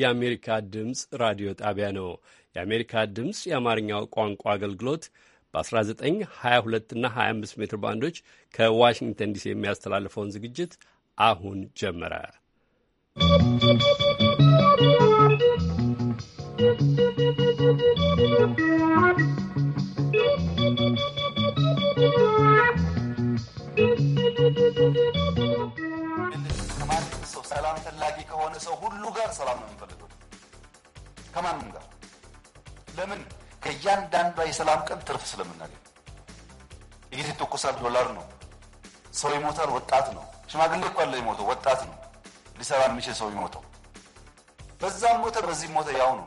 የአሜሪካ ድምፅ ራዲዮ ጣቢያ ነው። የአሜሪካ ድምፅ የአማርኛው ቋንቋ አገልግሎት በ1922 እና 25 ሜትር ባንዶች ከዋሽንግተን ዲሲ የሚያስተላልፈውን ዝግጅት አሁን ጀመረ። ሰላም ፈላጊ ከሆነ ሰው ሁሉ ጋር ሰላም ነው የምንፈልገው፣ ከማንም ጋር። ለምን? ከእያንዳንዷ የሰላም ቀን ትርፍ ስለምናገኝ። ይህ ይተኮሳል፣ ዶላር ነው። ሰው ይሞታል፣ ወጣት ነው። ሽማግሌ እኮ አለ ይሞተው፣ ወጣት ነው። ሊሰራ የሚችል ሰው ይሞተው፣ በዛም ሞተ፣ በዚህም ሞተ፣ ያው ነው።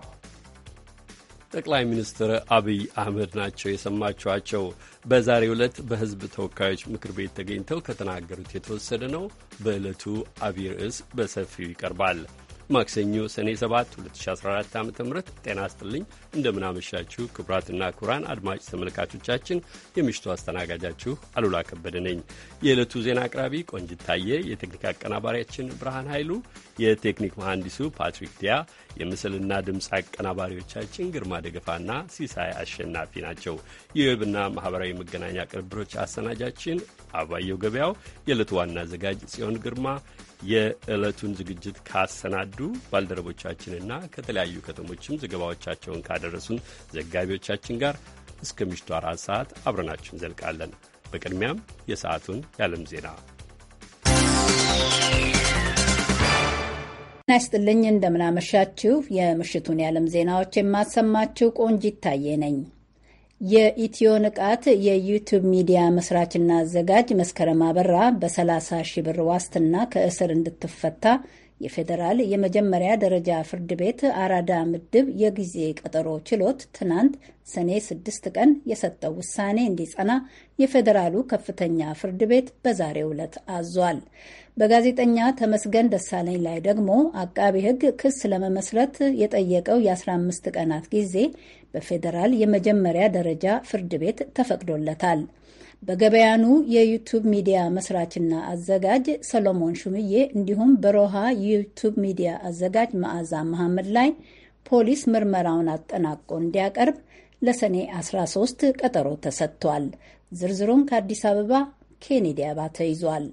ጠቅላይ ሚኒስትር አብይ አህመድ ናቸው የሰማችኋቸው። በዛሬው ዕለት በህዝብ ተወካዮች ምክር ቤት ተገኝተው ከተናገሩት የተወሰደ ነው። በዕለቱ አብይ ርዕስ በሰፊው ይቀርባል። ማክሰኞ ሰኔ 7 2014 ዓ ም ጤና ይስጥልኝ። እንደምናመሻችሁ ክቡራትና ክቡራን አድማጭ ተመልካቾቻችን የምሽቱ አስተናጋጃችሁ አሉላ ከበደ ነኝ። የዕለቱ ዜና አቅራቢ ቆንጅት ታየ፣ የቴክኒክ አቀናባሪያችን ብርሃን ኃይሉ፣ የቴክኒክ መሐንዲሱ ፓትሪክ ዲያ፣ የምስልና ድምፅ አቀናባሪዎቻችን ግርማ ደገፋና ሲሳይ አሸናፊ ናቸው። የዌብና ማኅበራዊ መገናኛ ቅንብሮች አሰናጃችን አባየው ገበያው፣ የዕለቱ ዋና አዘጋጅ ጽዮን ግርማ የዕለቱን ዝግጅት ካሰናዱ ባልደረቦቻችንና ከተለያዩ ከተሞችም ዘገባዎቻቸውን ካደረሱን ዘጋቢዎቻችን ጋር እስከ ምሽቱ አራት ሰዓት አብረናችሁ እንዘልቃለን። በቅድሚያም የሰዓቱን የዓለም ዜና ጤና ይስጥልኝ። እንደምናመሻችሁ። የምሽቱን የዓለም ዜናዎች የማሰማችሁ ቆንጂት ታዬ ነኝ። የኢትዮ ንቃት የዩቲዩብ ሚዲያ መስራችና አዘጋጅ መስከረም አበራ በ30 ሺህ ብር ዋስትና ከእስር እንድትፈታ የፌዴራል የመጀመሪያ ደረጃ ፍርድ ቤት አራዳ ምድብ የጊዜ ቀጠሮ ችሎት ትናንት ሰኔ 6 ቀን የሰጠው ውሳኔ እንዲጸና የፌዴራሉ ከፍተኛ ፍርድ ቤት በዛሬው ዕለት አዟል። በጋዜጠኛ ተመስገን ደሳለኝ ላይ ደግሞ አቃቢ ሕግ ክስ ለመመስረት የጠየቀው የ15 ቀናት ጊዜ በፌዴራል የመጀመሪያ ደረጃ ፍርድ ቤት ተፈቅዶለታል። በገበያኑ የዩቱብ ሚዲያ መስራችና አዘጋጅ ሰሎሞን ሹምዬ እንዲሁም በሮሃ የዩቱብ ሚዲያ አዘጋጅ መዓዛ መሐመድ ላይ ፖሊስ ምርመራውን አጠናቆ እንዲያቀርብ ለሰኔ 13 ቀጠሮ ተሰጥቷል። ዝርዝሩን ከአዲስ አበባ ኬኔዲ አባተ ይዟል።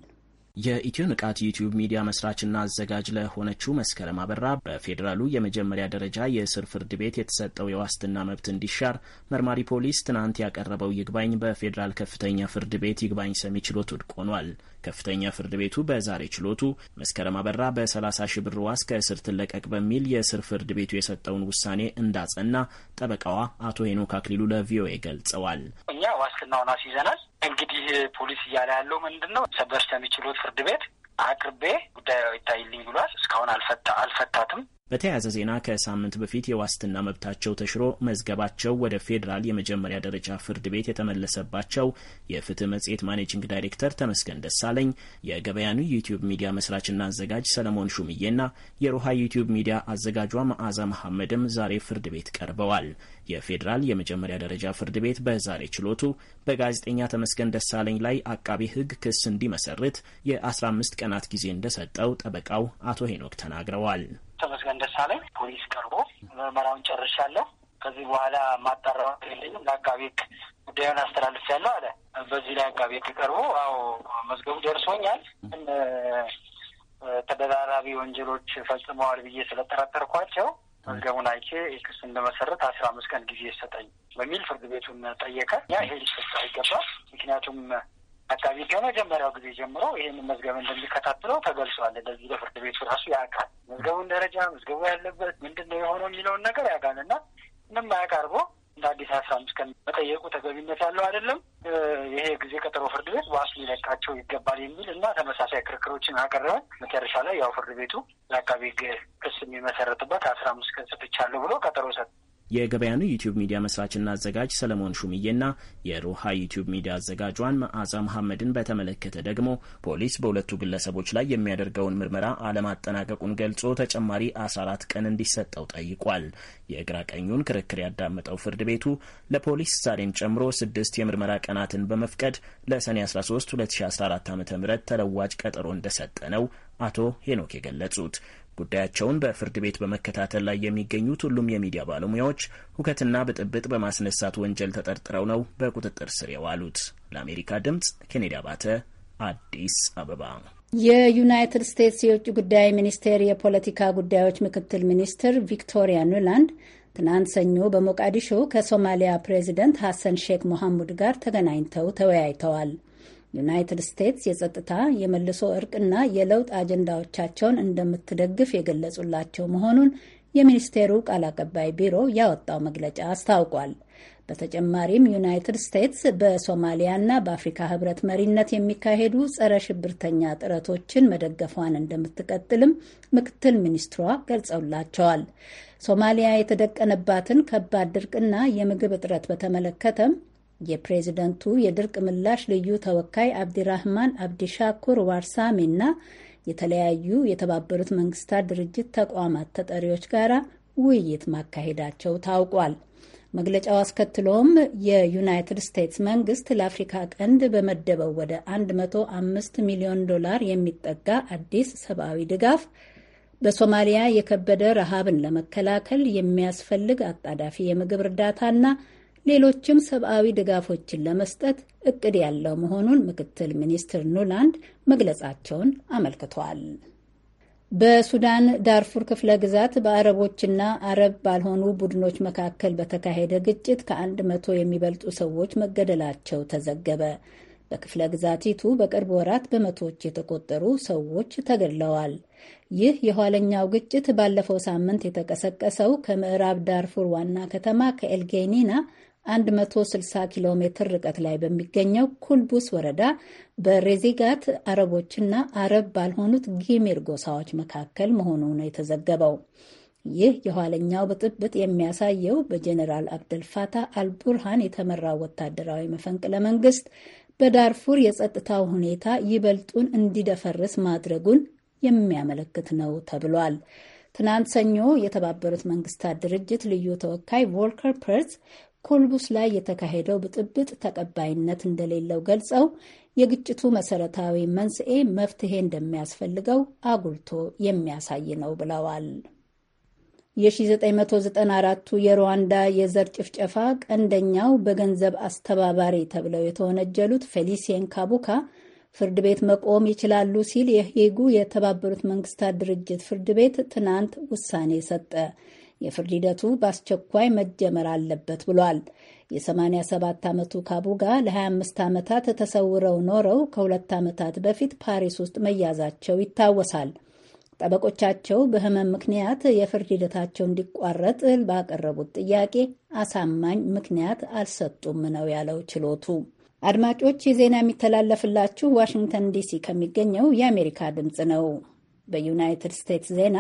የኢትዮ ንቃት ዩቲዩብ ሚዲያ መስራችና አዘጋጅ ለሆነችው መስከረም አበራ በፌዴራሉ የመጀመሪያ ደረጃ የስር ፍርድ ቤት የተሰጠው የዋስትና መብት እንዲሻር መርማሪ ፖሊስ ትናንት ያቀረበው ይግባኝ በፌዴራል ከፍተኛ ፍርድ ቤት ይግባኝ ሰሚ ችሎት ውድቅ ሆኗል። ከፍተኛ ፍርድ ቤቱ በዛሬ ችሎቱ መስከረም አበራ በ30 ሺ ብር ዋስ ከእስር ትለቀቅ በሚል የስር ፍርድ ቤቱ የሰጠውን ውሳኔ እንዳጸና ጠበቃዋ አቶ ሄኖክ አክሊሉ ለቪኦኤ ገልጸዋል። እኛ ዋስትናውን አስይዘናል። እንግዲህ ፖሊስ እያለ ያለው ምንድን ነው? ሰበር ሰሚ ችሎት ፍርድ ቤት አቅርቤ ጉዳዩ ይታይልኝ ብሏል። እስካሁን አልፈታ አልፈታትም በተያያዘ ዜና ከሳምንት በፊት የዋስትና መብታቸው ተሽሮ መዝገባቸው ወደ ፌዴራል የመጀመሪያ ደረጃ ፍርድ ቤት የተመለሰባቸው የፍትህ መጽሔት ማኔጂንግ ዳይሬክተር ተመስገን ደሳለኝ፣ የገበያኑ ዩቲዩብ ሚዲያ መስራችና አዘጋጅ ሰለሞን ሹምዬና የሮሃ ዩቲዩብ ሚዲያ አዘጋጇ መዓዛ መሐመድም ዛሬ ፍርድ ቤት ቀርበዋል። የፌዴራል የመጀመሪያ ደረጃ ፍርድ ቤት በዛሬ ችሎቱ በጋዜጠኛ ተመስገን ደሳለኝ ላይ አቃቢ ሕግ ክስ እንዲመሰርት የ15 ቀናት ጊዜ እንደሰጠው ጠበቃው አቶ ሄኖክ ተናግረዋል። ተመስገን ደሳለኝ ፖሊስ ቀርቦ ምርመራውን ጨርሻለሁ ከዚህ በኋላ ማጣራው የለኝም ለአቃቤ ሕግ ጉዳዩን አስተላልፍ ያለው አለ። በዚህ ላይ አቃቤ ሕግ ቀርቦ አዎ መዝገቡ ደርሶኛል፣ ተደራራቢ ወንጀሎች ፈጽመዋል ብዬ ስለጠረጠርኳቸው መዝገቡን አይቼ ክስ እንደመሰረት አስራ አምስት ቀን ጊዜ ይሰጠኝ በሚል ፍርድ ቤቱን ጠየቀ። ያ ይሄ ሊሰጥ አይገባ ምክንያቱም አቃቢ ከመጀመሪያው ጊዜ ጀምሮ ይህን መዝገብ እንደሚከታተለው ተገልጿል። እንደዚህ ለፍርድ ቤቱ ራሱ ያውቃል። መዝገቡን ደረጃ መዝገቡ ያለበት ምንድን ነው የሆነው የሚለውን ነገር ያውቃል እና ምንም አያቃርቦ እንደ አዲስ አስራ አምስት ቀን መጠየቁ ተገቢነት ያለው አይደለም። ይሄ ጊዜ ቀጠሮ ፍርድ ቤት በዋስ ሊለቃቸው ይገባል የሚል እና ተመሳሳይ ክርክሮችን አቀረበ። መጨረሻ ላይ ያው ፍርድ ቤቱ ለአቃቢ ሕግ ክስ የሚመሰረትበት አስራ አምስት ቀን ሰጥቻለሁ ብሎ ቀጠሮ ሰጥ የገበያኑ ዩቲዩብ ሚዲያ መስራችና አዘጋጅ ሰለሞን ሹምዬና የሮሃ ዩቲዩብ ሚዲያ አዘጋጇን መዓዛ መሐመድን በተመለከተ ደግሞ ፖሊስ በሁለቱ ግለሰቦች ላይ የሚያደርገውን ምርመራ አለማጠናቀቁን ገልጾ ተጨማሪ 14 ቀን እንዲሰጠው ጠይቋል። የግራ ቀኙን ክርክር ያዳመጠው ፍርድ ቤቱ ለፖሊስ ዛሬን ጨምሮ ስድስት የምርመራ ቀናትን በመፍቀድ ለሰኔ 13 2014 ዓ ም ተለዋጭ ቀጠሮ እንደሰጠ ነው አቶ ሄኖክ የገለጹት። ጉዳያቸውን በፍርድ ቤት በመከታተል ላይ የሚገኙት ሁሉም የሚዲያ ባለሙያዎች ሁከትና ብጥብጥ በማስነሳት ወንጀል ተጠርጥረው ነው በቁጥጥር ስር የዋሉት። ለአሜሪካ ድምጽ ኬኔዲ አባተ አዲስ አበባ። የዩናይትድ ስቴትስ የውጭ ጉዳይ ሚኒስቴር የፖለቲካ ጉዳዮች ምክትል ሚኒስትር ቪክቶሪያ ኑላንድ ትናንት ሰኞ በሞቃዲሾ ከሶማሊያ ፕሬዚደንት ሐሰን ሼክ ሞሐሙድ ጋር ተገናኝተው ተወያይተዋል። ዩናይትድ ስቴትስ የጸጥታ የመልሶ እርቅና የለውጥ አጀንዳዎቻቸውን እንደምትደግፍ የገለጹላቸው መሆኑን የሚኒስቴሩ ቃል አቀባይ ቢሮ ያወጣው መግለጫ አስታውቋል። በተጨማሪም ዩናይትድ ስቴትስ በሶማሊያና በአፍሪካ ሕብረት መሪነት የሚካሄዱ ጸረ ሽብርተኛ ጥረቶችን መደገፏን እንደምትቀጥልም ምክትል ሚኒስትሯ ገልጸውላቸዋል። ሶማሊያ የተደቀነባትን ከባድ ድርቅና የምግብ እጥረት በተመለከተም የፕሬዝደንቱ የድርቅ ምላሽ ልዩ ተወካይ አብዲራህማን አብዲሻኩር እና የተለያዩ የተባበሩት መንግስታት ድርጅት ተቋማት ተጠሪዎች ጋር ውይይት ማካሄዳቸው ታውቋል። መግለጫው አስከትሎም የዩናይትድ ስቴትስ መንግስት ለአፍሪካ ቀንድ በመደበው ወደ 105 ሚሊዮን ዶላር የሚጠጋ አዲስ ሰብአዊ ድጋፍ በሶማሊያ የከበደ ረሃብን ለመከላከል የሚያስፈልግ አጣዳፊ የምግብ እርዳታና ሌሎችም ሰብአዊ ድጋፎችን ለመስጠት እቅድ ያለው መሆኑን ምክትል ሚኒስትር ኑላንድ መግለጻቸውን አመልክተዋል። በሱዳን ዳርፉር ክፍለ ግዛት በአረቦችና አረብ ባልሆኑ ቡድኖች መካከል በተካሄደ ግጭት ከአንድ መቶ የሚበልጡ ሰዎች መገደላቸው ተዘገበ። በክፍለ ግዛቲቱ በቅርብ ወራት በመቶዎች የተቆጠሩ ሰዎች ተገድለዋል። ይህ የኋለኛው ግጭት ባለፈው ሳምንት የተቀሰቀሰው ከምዕራብ ዳርፉር ዋና ከተማ ከኤልጌኒና 160 ኪሎ ሜትር ርቀት ላይ በሚገኘው ኩልቡስ ወረዳ በሬዚጋት አረቦችና አረብ ባልሆኑት ጊሚር ጎሳዎች መካከል መሆኑ ነው የተዘገበው። ይህ የኋለኛው ብጥብጥ የሚያሳየው በጀኔራል አብደልፋታ አልቡርሃን የተመራው ወታደራዊ መፈንቅለ መንግስት በዳርፉር የጸጥታው ሁኔታ ይበልጡን እንዲደፈርስ ማድረጉን የሚያመለክት ነው ተብሏል። ትናንት ሰኞ የተባበሩት መንግስታት ድርጅት ልዩ ተወካይ ቮልከር ፐርስ ኮልቡስ ላይ የተካሄደው ብጥብጥ ተቀባይነት እንደሌለው ገልጸው የግጭቱ መሰረታዊ መንስኤ መፍትሄ እንደሚያስፈልገው አጉልቶ የሚያሳይ ነው ብለዋል። የ1994ቱ የሩዋንዳ የዘር ጭፍጨፋ ቀንደኛው በገንዘብ አስተባባሪ ተብለው የተወነጀሉት ፌሊሲየን ካቡካ ፍርድ ቤት መቆም ይችላሉ ሲል የሄጉ የተባበሩት መንግስታት ድርጅት ፍርድ ቤት ትናንት ውሳኔ ሰጠ። የፍርድ ሂደቱ በአስቸኳይ መጀመር አለበት ብሏል። የ87 ዓመቱ ካቡጋ ለ25 ዓመታት ተሰውረው ኖረው ከሁለት ዓመታት በፊት ፓሪስ ውስጥ መያዛቸው ይታወሳል። ጠበቆቻቸው በህመም ምክንያት የፍርድ ሂደታቸው እንዲቋረጥ ባቀረቡት ጥያቄ አሳማኝ ምክንያት አልሰጡም ነው ያለው ችሎቱ። አድማጮች፣ የዜና የሚተላለፍላችሁ ዋሽንግተን ዲሲ ከሚገኘው የአሜሪካ ድምፅ ነው። በዩናይትድ ስቴትስ ዜና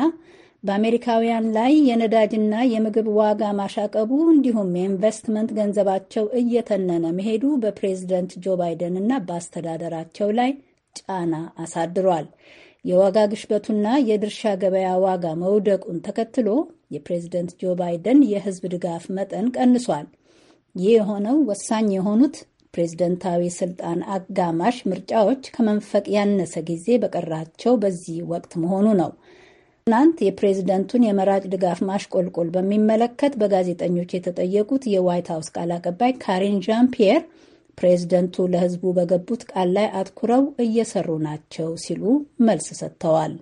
በአሜሪካውያን ላይ የነዳጅና የምግብ ዋጋ ማሻቀቡ እንዲሁም የኢንቨስትመንት ገንዘባቸው እየተነነ መሄዱ በፕሬዝደንት ጆ ባይደን እና በአስተዳደራቸው ላይ ጫና አሳድሯል። የዋጋ ግሽበቱና የድርሻ ገበያ ዋጋ መውደቁን ተከትሎ የፕሬዝደንት ጆ ባይደን የሕዝብ ድጋፍ መጠን ቀንሷል። ይህ የሆነው ወሳኝ የሆኑት ፕሬዝደንታዊ ስልጣን አጋማሽ ምርጫዎች ከመንፈቅ ያነሰ ጊዜ በቀራቸው በዚህ ወቅት መሆኑ ነው። ትናንት የፕሬዝደንቱን የመራጭ ድጋፍ ማሽቆልቆል በሚመለከት በጋዜጠኞች የተጠየቁት የዋይት ሀውስ ቃል አቀባይ ካሪን ዣን ፒየር ፕሬዝደንቱ ለህዝቡ በገቡት ቃል ላይ አትኩረው እየሰሩ ናቸው ሲሉ መልስ ሰጥተዋል።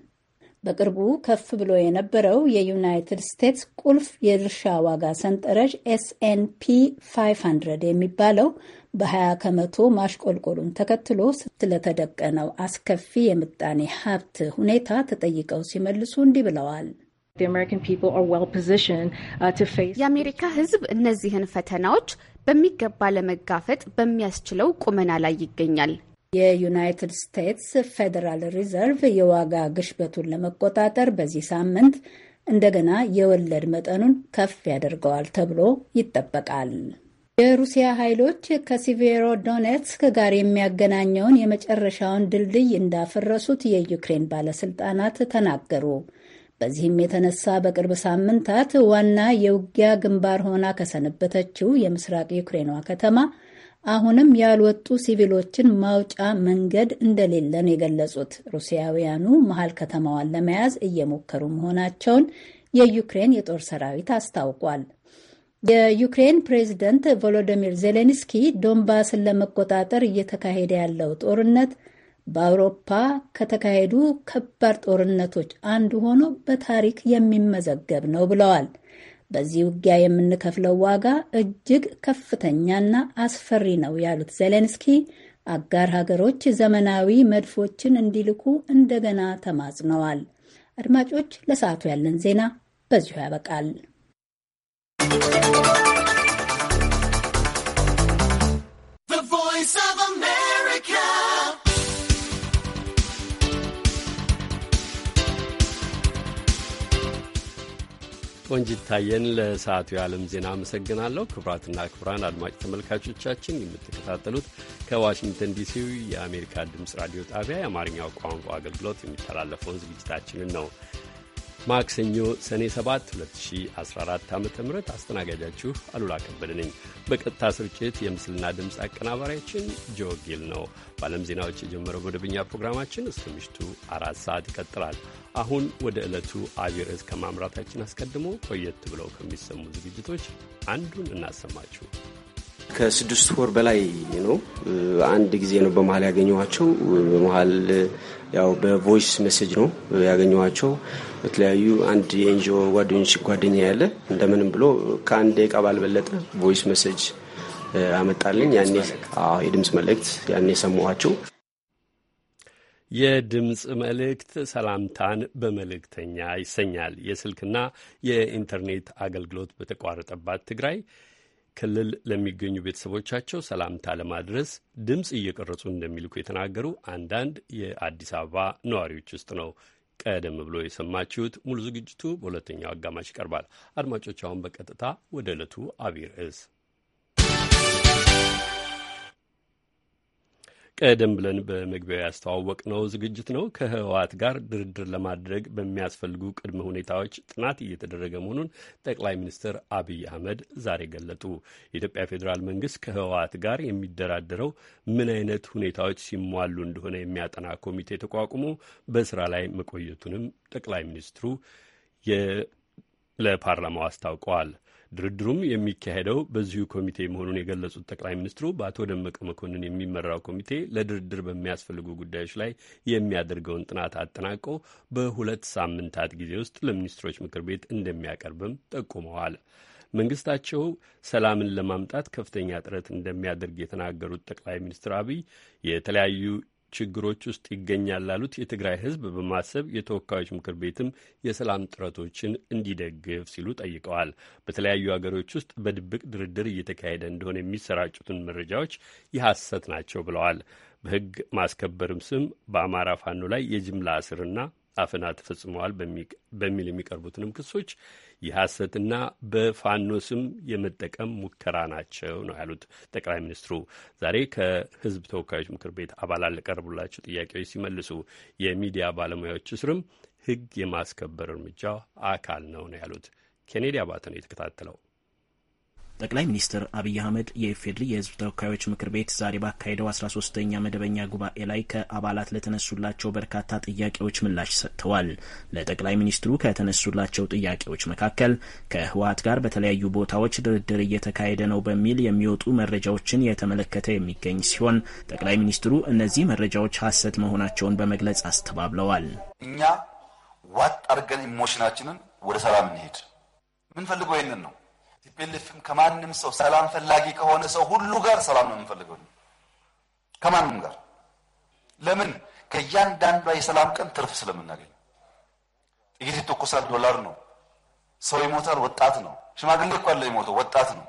በቅርቡ ከፍ ብሎ የነበረው የዩናይትድ ስቴትስ ቁልፍ የድርሻ ዋጋ ሰንጠረዥ ኤስኤንፒ 500 የሚባለው በ20 ከመቶ ማሽቆልቆሉን ተከትሎ ስለተደቀነው አስከፊ የምጣኔ ሀብት ሁኔታ ተጠይቀው ሲመልሱ እንዲህ ብለዋል። uh, የአሜሪካ ሕዝብ እነዚህን ፈተናዎች በሚገባ ለመጋፈጥ በሚያስችለው ቁመና ላይ ይገኛል። የዩናይትድ ስቴትስ ፌዴራል ሪዘርቭ የዋጋ ግሽበቱን ለመቆጣጠር በዚህ ሳምንት እንደገና የወለድ መጠኑን ከፍ ያደርገዋል ተብሎ ይጠበቃል። የሩሲያ ኃይሎች ከሲቬሮ ዶኔትስክ ጋር የሚያገናኘውን የመጨረሻውን ድልድይ እንዳፈረሱት የዩክሬን ባለስልጣናት ተናገሩ። በዚህም የተነሳ በቅርብ ሳምንታት ዋና የውጊያ ግንባር ሆና ከሰነበተችው የምስራቅ ዩክሬኗ ከተማ አሁንም ያልወጡ ሲቪሎችን ማውጫ መንገድ እንደሌለ ነው የገለጹት። ሩሲያውያኑ መሀል ከተማዋን ለመያዝ እየሞከሩ መሆናቸውን የዩክሬን የጦር ሰራዊት አስታውቋል። የዩክሬን ፕሬዝደንት ቮሎዲሚር ዜሌንስኪ ዶንባስን ለመቆጣጠር እየተካሄደ ያለው ጦርነት በአውሮፓ ከተካሄዱ ከባድ ጦርነቶች አንዱ ሆኖ በታሪክ የሚመዘገብ ነው ብለዋል። በዚህ ውጊያ የምንከፍለው ዋጋ እጅግ ከፍተኛና አስፈሪ ነው ያሉት ዜሌንስኪ አጋር ሀገሮች ዘመናዊ መድፎችን እንዲልኩ እንደገና ተማጽነዋል። አድማጮች፣ ለሰዓቱ ያለን ዜና በዚሁ ያበቃል። ቆንጅታየን ለሰዓቱ የዓለም ዜና አመሰግናለሁ። ክቡራትና ክቡራን አድማጭ ተመልካቾቻችን የምትከታተሉት ከዋሽንግተን ዲሲው የአሜሪካ ድምፅ ራዲዮ ጣቢያ የአማርኛው ቋንቋ አገልግሎት የሚተላለፈውን ዝግጅታችንን ነው። ማክሰኞ ሰኔ 7 2014 ዓ ም አስተናጋጃችሁ አሉላ ከበደ ነኝ። በቀጥታ ስርጭት የምስልና ድምፅ አቀናባሪያችን ጆ ጊል ነው። በዓለም ዜናዎች የጀመረው መደበኛ ፕሮግራማችን እስከ ምሽቱ አራት ሰዓት ይቀጥላል። አሁን ወደ ዕለቱ አቢይ ርዕስ ከማምራታችን አስቀድሞ ቆየት ብለው ከሚሰሙ ዝግጅቶች አንዱን እናሰማችሁ። ከስድስት ወር በላይ ነው። አንድ ጊዜ ነው በመሀል ያገኘኋቸው። በመሀል ያው በቮይስ መሴጅ ነው ያገኘኋቸው። በተለያዩ አንድ የኤንጂኦ ጓደኞች ጓደኛ ያለ እንደምንም ብሎ ከአንድ ደቂቃ ባልበለጠ ቮይስ መሴጅ አመጣልኝ። ያኔ የድምፅ መልእክት ያኔ ሰማኋቸው። የድምፅ መልእክት ሰላምታን በመልእክተኛ ይሰኛል። የስልክና የኢንተርኔት አገልግሎት በተቋረጠባት ትግራይ ክልል ለሚገኙ ቤተሰቦቻቸው ሰላምታ ለማድረስ ድምፅ እየቀረጹ እንደሚልኩ የተናገሩ አንዳንድ የአዲስ አበባ ነዋሪዎች ውስጥ ነው ቀደም ብሎ የሰማችሁት። ሙሉ ዝግጅቱ በሁለተኛው አጋማሽ ይቀርባል። አድማጮች፣ አሁን በቀጥታ ወደ ዕለቱ አብይ ርዕስ ቀደም ብለን በመግቢያው ያስተዋወቅነው ዝግጅት ነው። ከህወሓት ጋር ድርድር ለማድረግ በሚያስፈልጉ ቅድመ ሁኔታዎች ጥናት እየተደረገ መሆኑን ጠቅላይ ሚኒስትር አብይ አህመድ ዛሬ ገለጡ። የኢትዮጵያ ፌዴራል መንግስት ከህወሓት ጋር የሚደራደረው ምን አይነት ሁኔታዎች ሲሟሉ እንደሆነ የሚያጠና ኮሚቴ ተቋቁሞ በስራ ላይ መቆየቱንም ጠቅላይ ሚኒስትሩ ለፓርላማው አስታውቀዋል። ድርድሩም የሚካሄደው በዚሁ ኮሚቴ መሆኑን የገለጹት ጠቅላይ ሚኒስትሩ በአቶ ደመቀ መኮንን የሚመራው ኮሚቴ ለድርድር በሚያስፈልጉ ጉዳዮች ላይ የሚያደርገውን ጥናት አጠናቆ በሁለት ሳምንታት ጊዜ ውስጥ ለሚኒስትሮች ምክር ቤት እንደሚያቀርብም ጠቁመዋል። መንግስታቸው ሰላምን ለማምጣት ከፍተኛ ጥረት እንደሚያደርግ የተናገሩት ጠቅላይ ሚኒስትር አብይ የተለያዩ ችግሮች ውስጥ ይገኛል ላሉት የትግራይ ህዝብ በማሰብ የተወካዮች ምክር ቤትም የሰላም ጥረቶችን እንዲደግፍ ሲሉ ጠይቀዋል። በተለያዩ ሀገሮች ውስጥ በድብቅ ድርድር እየተካሄደ እንደሆነ የሚሰራጩትን መረጃዎች የሐሰት ናቸው ብለዋል። በህግ ማስከበርም ስም በአማራ ፋኖ ላይ የጅምላ እስርና አፈና ተፈጽመዋል በሚል የሚቀርቡትንም ክሶች የሐሰትና በፋኖ ስም የመጠቀም ሙከራ ናቸው ነው ያሉት ጠቅላይ ሚኒስትሩ ዛሬ ከሕዝብ ተወካዮች ምክር ቤት አባላት ለቀረቡላቸው ጥያቄዎች ሲመልሱ የሚዲያ ባለሙያዎች እስርም ሕግ የማስከበር እርምጃው አካል ነው ነው ያሉት። ኬኔዲ አባተ ነው የተከታተለው። ጠቅላይ ሚኒስትር አብይ አህመድ የኢፌዴሪ የህዝብ ተወካዮች ምክር ቤት ዛሬ ባካሄደው አስራ ሶስተኛ መደበኛ ጉባኤ ላይ ከአባላት ለተነሱላቸው በርካታ ጥያቄዎች ምላሽ ሰጥተዋል። ለጠቅላይ ሚኒስትሩ ከተነሱላቸው ጥያቄዎች መካከል ከህወሀት ጋር በተለያዩ ቦታዎች ድርድር እየተካሄደ ነው በሚል የሚወጡ መረጃዎችን የተመለከተ የሚገኝ ሲሆን ጠቅላይ ሚኒስትሩ እነዚህ መረጃዎች ሀሰት መሆናቸውን በመግለጽ አስተባብለዋል። እኛ ዋጥ አድርገን ኢሞሽናችንን ወደ ሰላም እንሄድ ምንፈልገው ይህንን ነው ቲፒኤልኤፍም ከማንም ሰው ሰላም ፈላጊ ከሆነ ሰው ሁሉ ጋር ሰላም ነው የምንፈልገው፣ ከማንም ጋር። ለምን? ከእያንዳንዷ የሰላም ቀን ትርፍ ስለምናገኝ። ጥይት ይተኮሳል፣ ዶላር ነው። ሰው ይሞታል፣ ወጣት ነው። ሽማግሌ እኮ አለ ይሞተው፣ ወጣት ነው።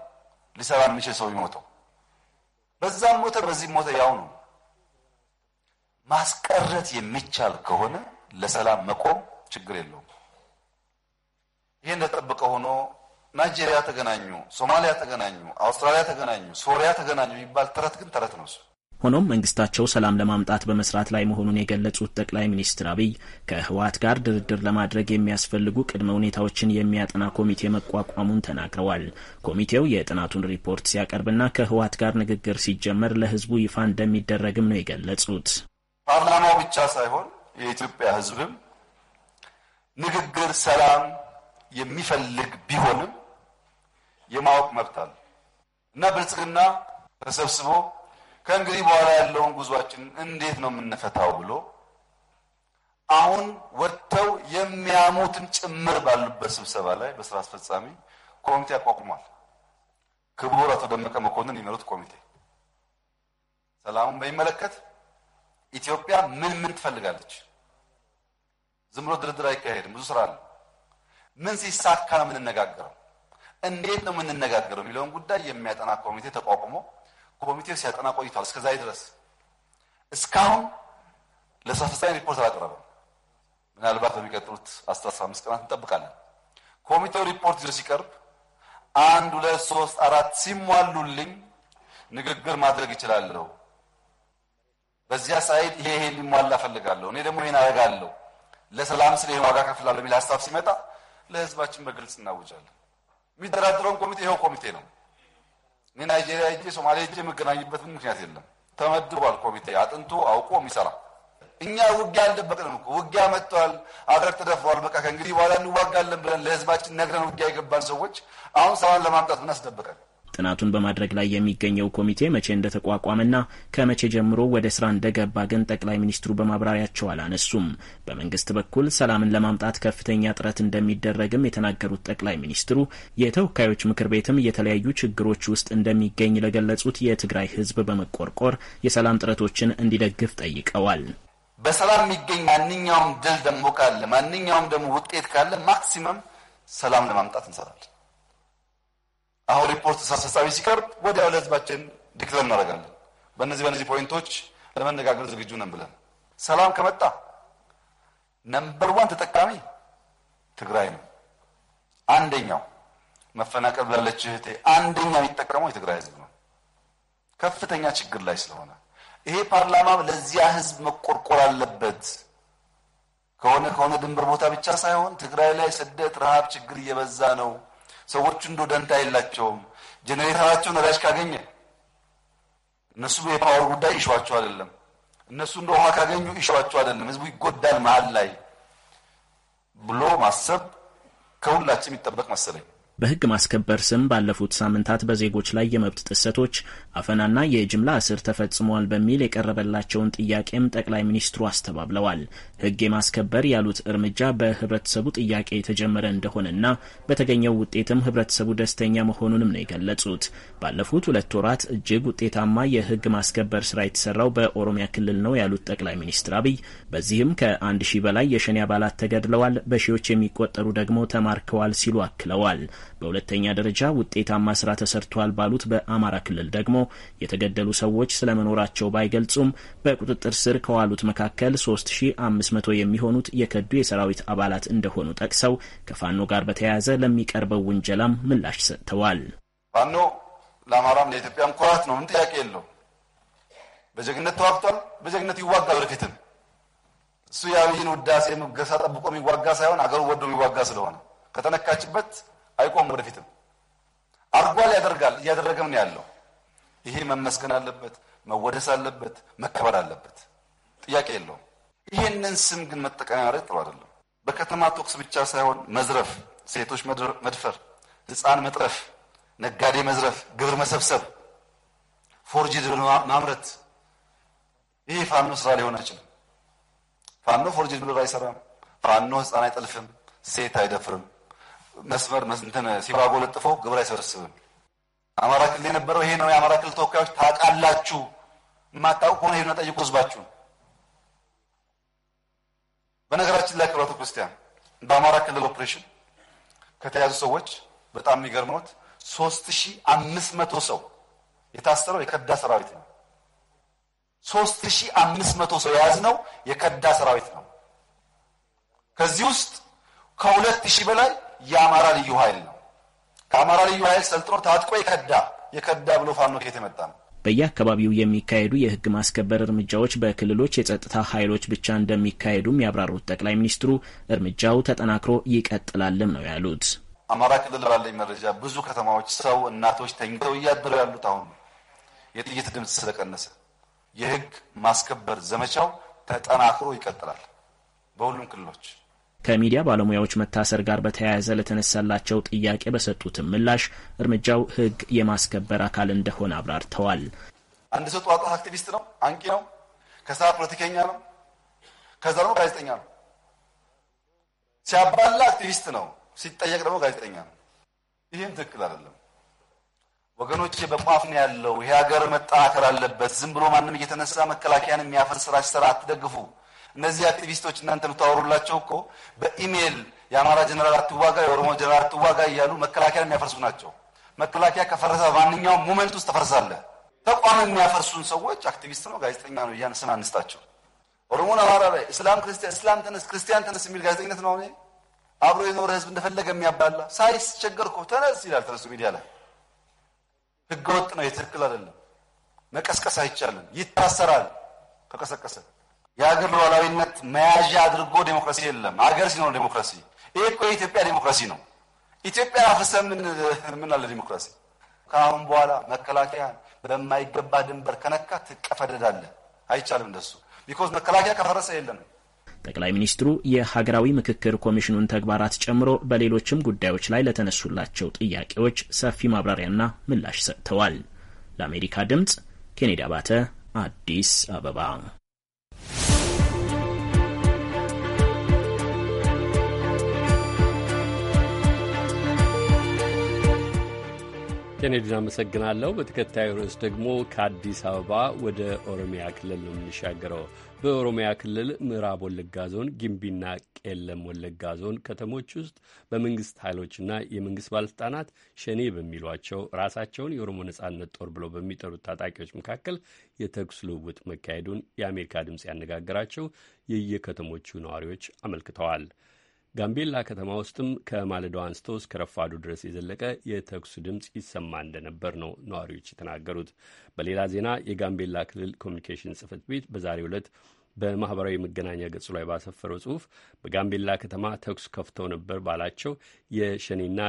ሊሰራ የሚችል ሰው ይሞተው። በዛም ሞተ፣ በዚህም ሞተ፣ ያው ነው። ማስቀረት የሚቻል ከሆነ ለሰላም መቆም ችግር የለውም። ይህ እንደተጠበቀ ሆኖ ናይጄሪያ ተገናኙ፣ ሶማሊያ ተገናኙ፣ አውስትራሊያ ተገናኙ፣ ሶሪያ ተገናኙ የሚባል ተረት ግን ተረት ነው ሆኖም መንግስታቸው ሰላም ለማምጣት በመስራት ላይ መሆኑን የገለጹት ጠቅላይ ሚኒስትር አብይ ከህወሀት ጋር ድርድር ለማድረግ የሚያስፈልጉ ቅድመ ሁኔታዎችን የሚያጠና ኮሚቴ መቋቋሙን ተናግረዋል። ኮሚቴው የጥናቱን ሪፖርት ሲያቀርብና ከህወሀት ጋር ንግግር ሲጀመር ለህዝቡ ይፋ እንደሚደረግም ነው የገለጹት። ፓርላማው ብቻ ሳይሆን የኢትዮጵያ ህዝብም ንግግር ሰላም የሚፈልግ ቢሆንም የማወቅ መብት አለ እና ብልጽግና ተሰብስቦ ከእንግዲህ በኋላ ያለውን ጉዟችን እንዴት ነው የምንፈታው ብሎ አሁን ወጥተው የሚያሙትን ጭምር ባሉበት ስብሰባ ላይ በስራ አስፈጻሚ ኮሚቴ አቋቁሟል። ክቡር አቶ ደመቀ መኮንን የሚመሩት ኮሚቴ ሰላሙን በሚመለከት ኢትዮጵያ ምን ምን ትፈልጋለች? ዝም ብሎ ድርድር አይካሄድም። ብዙ ስራ አለ። ምን ሲሳካ ነው የምንነጋገረው? እንዴት ነው የምንነጋገረው የሚለውን ጉዳይ የሚያጠና ኮሚቴ ተቋቁሞ ኮሚቴው ሲያጠና ቆይቷል። እስከዛ ድረስ እስካሁን ለስራ አስፈጻሚ ሪፖርት አላቀረበም። ምናልባት በሚቀጥሉት አስራ አምስት ቀናት እንጠብቃለን። ኮሚቴው ሪፖርት ይዞ ሲቀርብ አንድ ሁለት ሶስት አራት ሲሟሉልኝ ንግግር ማድረግ ይችላለሁ። በዚያ ሳይድ ይሄ ይሄ ሊሟላ ፈልጋለሁ፣ እኔ ደግሞ ይሄን አደርጋለሁ፣ ለሰላም ስለ ይሄን ዋጋ ከፍላለሁ የሚል ሀሳብ ሲመጣ ለህዝባችን በግልጽ እናውጃለን። የሚደራደረውን ኮሚቴ ይኸው ኮሚቴ ነው። እኔ ናይጄሪያ እጄ ሶማሌ እጄ የምገናኝበትም ምክንያት የለም። ተመድቧል። ኮሚቴ አጥንቶ አውቆ የሚሰራ እኛ ውጊያ አልደበቅንም እኮ ውጊያ መጥተዋል፣ አገር ተደፍሯል፣ በቃ ከእንግዲህ በኋላ እንዋጋለን ብለን ለህዝባችን ነግረን ውጊያ የገባን ሰዎች አሁን ሰላም ለማምጣት ምን አስደበቀን? ጥናቱን በማድረግ ላይ የሚገኘው ኮሚቴ መቼ እንደተቋቋመና ከመቼ ጀምሮ ወደ ስራ እንደገባ ግን ጠቅላይ ሚኒስትሩ በማብራሪያቸው አላነሱም። በመንግስት በኩል ሰላምን ለማምጣት ከፍተኛ ጥረት እንደሚደረግም የተናገሩት ጠቅላይ ሚኒስትሩ የተወካዮች ምክር ቤትም የተለያዩ ችግሮች ውስጥ እንደሚገኝ ለገለጹት የትግራይ ህዝብ በመቆርቆር የሰላም ጥረቶችን እንዲደግፍ ጠይቀዋል። በሰላም የሚገኝ ማንኛውም ድል ደግሞ ካለ ማንኛውም ደግሞ ውጤት ካለ ማክሲመም ሰላም ለማምጣት እንሰራለን። አሁን ሪፖርት ሳሳሳቢ ሲቀርብ ወዲያው ለህዝባችን ዲክለር እናደርጋለን። በእነዚህ በእነዚህ ፖይንቶች ለመነጋገር ዝግጁ ነን ብለን ሰላም ከመጣ ነምበር ዋን ተጠቃሚ ትግራይ ነው። አንደኛው መፈናቀል ብላለች እህቴ፣ አንደኛው የሚጠቀመው የትግራይ ህዝብ ነው፣ ከፍተኛ ችግር ላይ ስለሆነ ይሄ ፓርላማ ለዚያ ህዝብ መቆርቆር አለበት። ከሆነ ከሆነ ድንበር ቦታ ብቻ ሳይሆን ትግራይ ላይ ስደት፣ ረሃብ፣ ችግር እየበዛ ነው። ሰዎች እንዶ ደንታ የላቸውም። ጄኔሬተራቸው ነዳጅ ካገኘ እነሱ የፓወር ጉዳይ እሸዋቸው አይደለም። እነሱ እንደ ውሃ ካገኙ እሸዋቸው አይደለም። ህዝቡ ይጎዳል መሀል ላይ ብሎ ማሰብ ከሁላችንም የሚጠበቅ መሰለኝ። በህግ ማስከበር ስም ባለፉት ሳምንታት በዜጎች ላይ የመብት ጥሰቶች፣ አፈናና የጅምላ እስር ተፈጽሟል በሚል የቀረበላቸውን ጥያቄም ጠቅላይ ሚኒስትሩ አስተባብለዋል። ህግ የማስከበር ያሉት እርምጃ በህብረተሰቡ ጥያቄ የተጀመረ እንደሆነና በተገኘው ውጤትም ህብረተሰቡ ደስተኛ መሆኑንም ነው የገለጹት። ባለፉት ሁለት ወራት እጅግ ውጤታማ የህግ ማስከበር ስራ የተሰራው በኦሮሚያ ክልል ነው ያሉት ጠቅላይ ሚኒስትር አብይ በዚህም ከአንድ ሺህ በላይ የሸኔ አባላት ተገድለዋል፣ በሺዎች የሚቆጠሩ ደግሞ ተማርከዋል ሲሉ አክለዋል። በሁለተኛ ደረጃ ውጤታማ ስራ ተሰርቷል ባሉት በአማራ ክልል ደግሞ የተገደሉ ሰዎች ስለመኖራቸው ባይገልጹም በቁጥጥር ስር ከዋሉት መካከል 3500 የሚሆኑት የከዱ የሰራዊት አባላት እንደሆኑ ጠቅሰው ከፋኖ ጋር በተያያዘ ለሚቀርበው ውንጀላም ምላሽ ሰጥተዋል። ፋኖ ለአማራም ለኢትዮጵያም ኩራት ነው፣ ምን ጥያቄ የለው። በጀግነት ተዋግቷል፣ በጀግነት ይዋጋ ወደፊትም። እሱ የአብይን ውዳሴ ሙገሳ ጠብቆ የሚዋጋ ሳይሆን አገሩ ወዶ የሚዋጋ ስለሆነ ከተነካችበት አይቆም ወደፊትም አርጓል ያደርጋል እያደረገም ነው ያለው። ይሄ መመስገን አለበት፣ መወደስ አለበት፣ መከበር አለበት። ጥያቄ የለውም። ይህንን ስም ግን መጠቀም ማድረግ ጥሩ አይደለም። በከተማ ቶክስ ብቻ ሳይሆን መዝረፍ፣ ሴቶች መድፈር፣ ህፃን መጥረፍ፣ ነጋዴ መዝረፍ፣ ግብር መሰብሰብ፣ ፎርጅድ ብሎ ማምረት ይህ ፋኖ ስራ ሊሆን አይችልም። ፋኖ ፎርጅድ ብሎ አይሰራም። ፋኖ ህፃን አይጠልፍም፣ ሴት አይደፍርም። መስመር እንትን ሲባጎ ለጥፈው ግብር አይሰበስብም። አማራ ክልል የነበረው ይሄ ነው። የአማራ ክልል ተወካዮች ታውቃላችሁ። የማታውቁ ከሆነ ሄዱና ጠይቁ ህዝባችሁ። በነገራችን ላይ ክብራቱ ክርስቲያን በአማራ ክልል ኦፕሬሽን ከተያዙ ሰዎች በጣም የሚገርመውት ሶስት ሺ አምስት መቶ ሰው የታሰረው የከዳ ሰራዊት ነው። ሶስት ሺ አምስት መቶ ሰው የያዝነው የከዳ ሰራዊት ነው። ከዚህ ውስጥ ከሁለት ሺህ በላይ የአማራ ልዩ ኃይል ነው። ከአማራ ልዩ ኃይል ሰልጥኖ ታጥቆ የከዳ የከዳ ብሎ ፋኖ ከየት የመጣ ነው? በየአካባቢው የሚካሄዱ የህግ ማስከበር እርምጃዎች በክልሎች የጸጥታ ኃይሎች ብቻ እንደሚካሄዱም ያብራሩት ጠቅላይ ሚኒስትሩ እርምጃው ተጠናክሮ ይቀጥላልም ነው ያሉት። አማራ ክልል ባለኝ መረጃ ብዙ ከተማዎች ሰው እናቶች ተኝተው እያደሩ ያሉት አሁን የጥይት ድምፅ ስለቀነሰ የህግ ማስከበር ዘመቻው ተጠናክሮ ይቀጥላል በሁሉም ክልሎች ከሚዲያ ባለሙያዎች መታሰር ጋር በተያያዘ ለተነሳላቸው ጥያቄ በሰጡትም ምላሽ እርምጃው ህግ የማስከበር አካል እንደሆነ አብራርተዋል። አንድ ሰው ጠዋት አክቲቪስት ነው፣ አንቂ ነው፣ ከዛ ፖለቲከኛ ነው፣ ከዛ ደግሞ ጋዜጠኛ ነው። ሲያባላ አክቲቪስት ነው፣ ሲጠየቅ ደግሞ ጋዜጠኛ ነው። ይህም ትክክል አይደለም። ወገኖች በቋፍ ነው ያለው። ይሄ ሀገር መጠናከር አለበት። ዝም ብሎ ማንም እየተነሳ መከላከያን የሚያፈን ስራ ሲሰራ አትደግፉ። እነዚህ አክቲቪስቶች እናንተ የምታወሩላቸው እኮ በኢሜይል የአማራ ጀነራል አትዋጋ፣ የኦሮሞ ጀነራል አትዋጋ እያሉ መከላከያ የሚያፈርሱ ናቸው። መከላከያ ከፈረሰ በማንኛውም ሙመንት ውስጥ ተፈርሳለ። ተቋም የሚያፈርሱን ሰዎች አክቲቪስት ነው ጋዜጠኛ ነው እያን ስም አንስታቸው ኦሮሞን አማራ ላይ እስላም ክርስቲያን እስላም ተነስ ክርስቲያን ተነስ የሚል ጋዜጠኝነት ነው እኔ አብሮ የኖረ ህዝብ እንደፈለገ የሚያባላ ቸገር እኮ ተነስ ይላል። ተነሱ ሚዲያ ላይ ህገወጥ ነው፣ የትክክል አይደለም። መቀስቀስ አይቻልም፣ ይታሰራል። ከቀሰቀሰ የሀገር ሉዓላዊነት መያዣ አድርጎ ዴሞክራሲ የለም። ሀገር ሲኖር ዴሞክራሲ። ይህ እኮ የኢትዮጵያ ዴሞክራሲ ነው። ኢትዮጵያ ፍሰ ምን አለ ዴሞክራሲ? ከአሁን በኋላ መከላከያ በማይገባ ድንበር ከነካ ትቀፈደዳለ። አይቻልም እንደሱ። ቢኮዝ መከላከያ ከፈረሰ የለም። ጠቅላይ ሚኒስትሩ የሀገራዊ ምክክር ኮሚሽኑን ተግባራት ጨምሮ በሌሎችም ጉዳዮች ላይ ለተነሱላቸው ጥያቄዎች ሰፊ ማብራሪያና ምላሽ ሰጥተዋል። ለአሜሪካ ድምፅ ኬኔዲ አባተ አዲስ አበባ ኬኔዲን አመሰግናለሁ። በተከታዩ ርዕስ ደግሞ ከአዲስ አበባ ወደ ኦሮሚያ ክልል ነው የምንሻገረው። በኦሮሚያ ክልል ምዕራብ ወለጋ ዞን ጊምቢና ቄለም ወለጋ ዞን ከተሞች ውስጥ በመንግስት ኃይሎችና የመንግስት ባለስልጣናት ሸኔ በሚሏቸው ራሳቸውን የኦሮሞ ነጻነት ጦር ብለው በሚጠሩት ታጣቂዎች መካከል የተኩስ ልውውጥ መካሄዱን የአሜሪካ ድምፅ ያነጋገራቸው የየከተሞቹ ነዋሪዎች አመልክተዋል። ጋምቤላ ከተማ ውስጥም ከማለዶ አንስቶ እስከ ረፋዱ ድረስ የዘለቀ የተኩስ ድምፅ ይሰማ እንደነበር ነው ነዋሪዎች የተናገሩት። በሌላ ዜና የጋምቤላ ክልል ኮሚኒኬሽን ጽህፈት ቤት በዛሬው ዕለት በማህበራዊ መገናኛ ገጹ ላይ ባሰፈረው ጽሁፍ በጋምቤላ ከተማ ተኩስ ከፍተው ነበር ባላቸው የሸኔና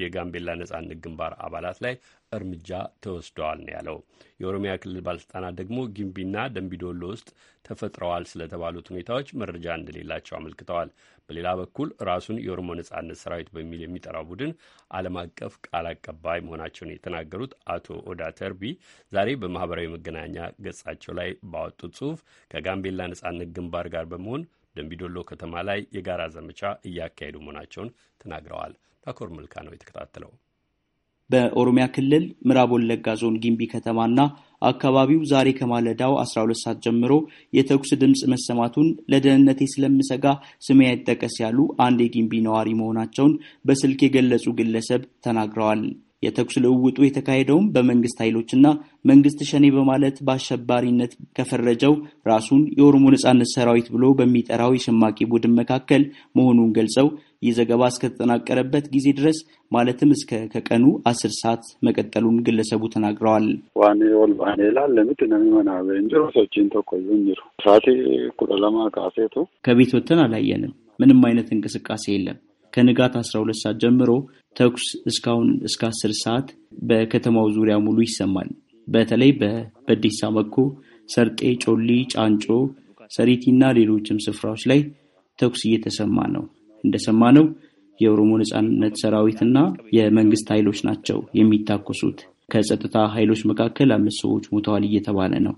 የጋምቤላ ነጻነት ግንባር አባላት ላይ እርምጃ ተወስደዋል ነው ያለው። የኦሮሚያ ክልል ባለስልጣናት ደግሞ ግንቢና ደንቢዶሎ ውስጥ ተፈጥረዋል ስለተባሉት ሁኔታዎች መረጃ እንደሌላቸው አመልክተዋል። በሌላ በኩል ራሱን የኦሮሞ ነጻነት ሰራዊት በሚል የሚጠራው ቡድን ዓለም አቀፍ ቃል አቀባይ መሆናቸውን የተናገሩት አቶ ኦዳ ተርቢ ዛሬ በማህበራዊ መገናኛ ገጻቸው ላይ ባወጡት ጽሁፍ ከጋምቤላ ነጻነት ግንባር ጋር በመሆን ደንቢዶሎ ከተማ ላይ የጋራ ዘመቻ እያካሄዱ መሆናቸውን ተናግረዋል። ታኮር መልካ ነው የተከታተለው። በኦሮሚያ ክልል ምዕራብ ወለጋ ዞን ጊምቢ ከተማና አካባቢው ዛሬ ከማለዳው 12 ሰዓት ጀምሮ የተኩስ ድምፅ መሰማቱን ለደህንነቴ ስለምሰጋ ስሜ አይጠቀስ ያሉ አንድ የጊምቢ ነዋሪ መሆናቸውን በስልክ የገለጹ ግለሰብ ተናግረዋል። የተኩስ ልውውጡ የተካሄደውም በመንግስት ኃይሎችና መንግስት ሸኔ በማለት በአሸባሪነት ከፈረጀው ራሱን የኦሮሞ ነጻነት ሰራዊት ብሎ በሚጠራው የሸማቂ ቡድን መካከል መሆኑን ገልጸው ይህ ዘገባ እስከተጠናቀረበት ጊዜ ድረስ ማለትም እስከ ከቀኑ አስር ሰዓት መቀጠሉን ግለሰቡ ተናግረዋል። ከቤት ወተን አላየንም። ምንም አይነት እንቅስቃሴ የለም። ከንጋት 12 ሰዓት ጀምሮ ተኩስ እስካሁን እስከ 10 ሰዓት በከተማው ዙሪያ ሙሉ ይሰማል። በተለይ በበዴሳ መኮ፣ ሰርጤ፣ ጮሊ፣ ጫንጮ፣ ሰሪቲና ሌሎችም ስፍራዎች ላይ ተኩስ እየተሰማ ነው። እንደሰማ ነው የኦሮሞ ነጻነት ሰራዊትና የመንግስት ኃይሎች ናቸው የሚታኮሱት። ከጸጥታ ኃይሎች መካከል አምስት ሰዎች ሞተዋል እየተባለ ነው።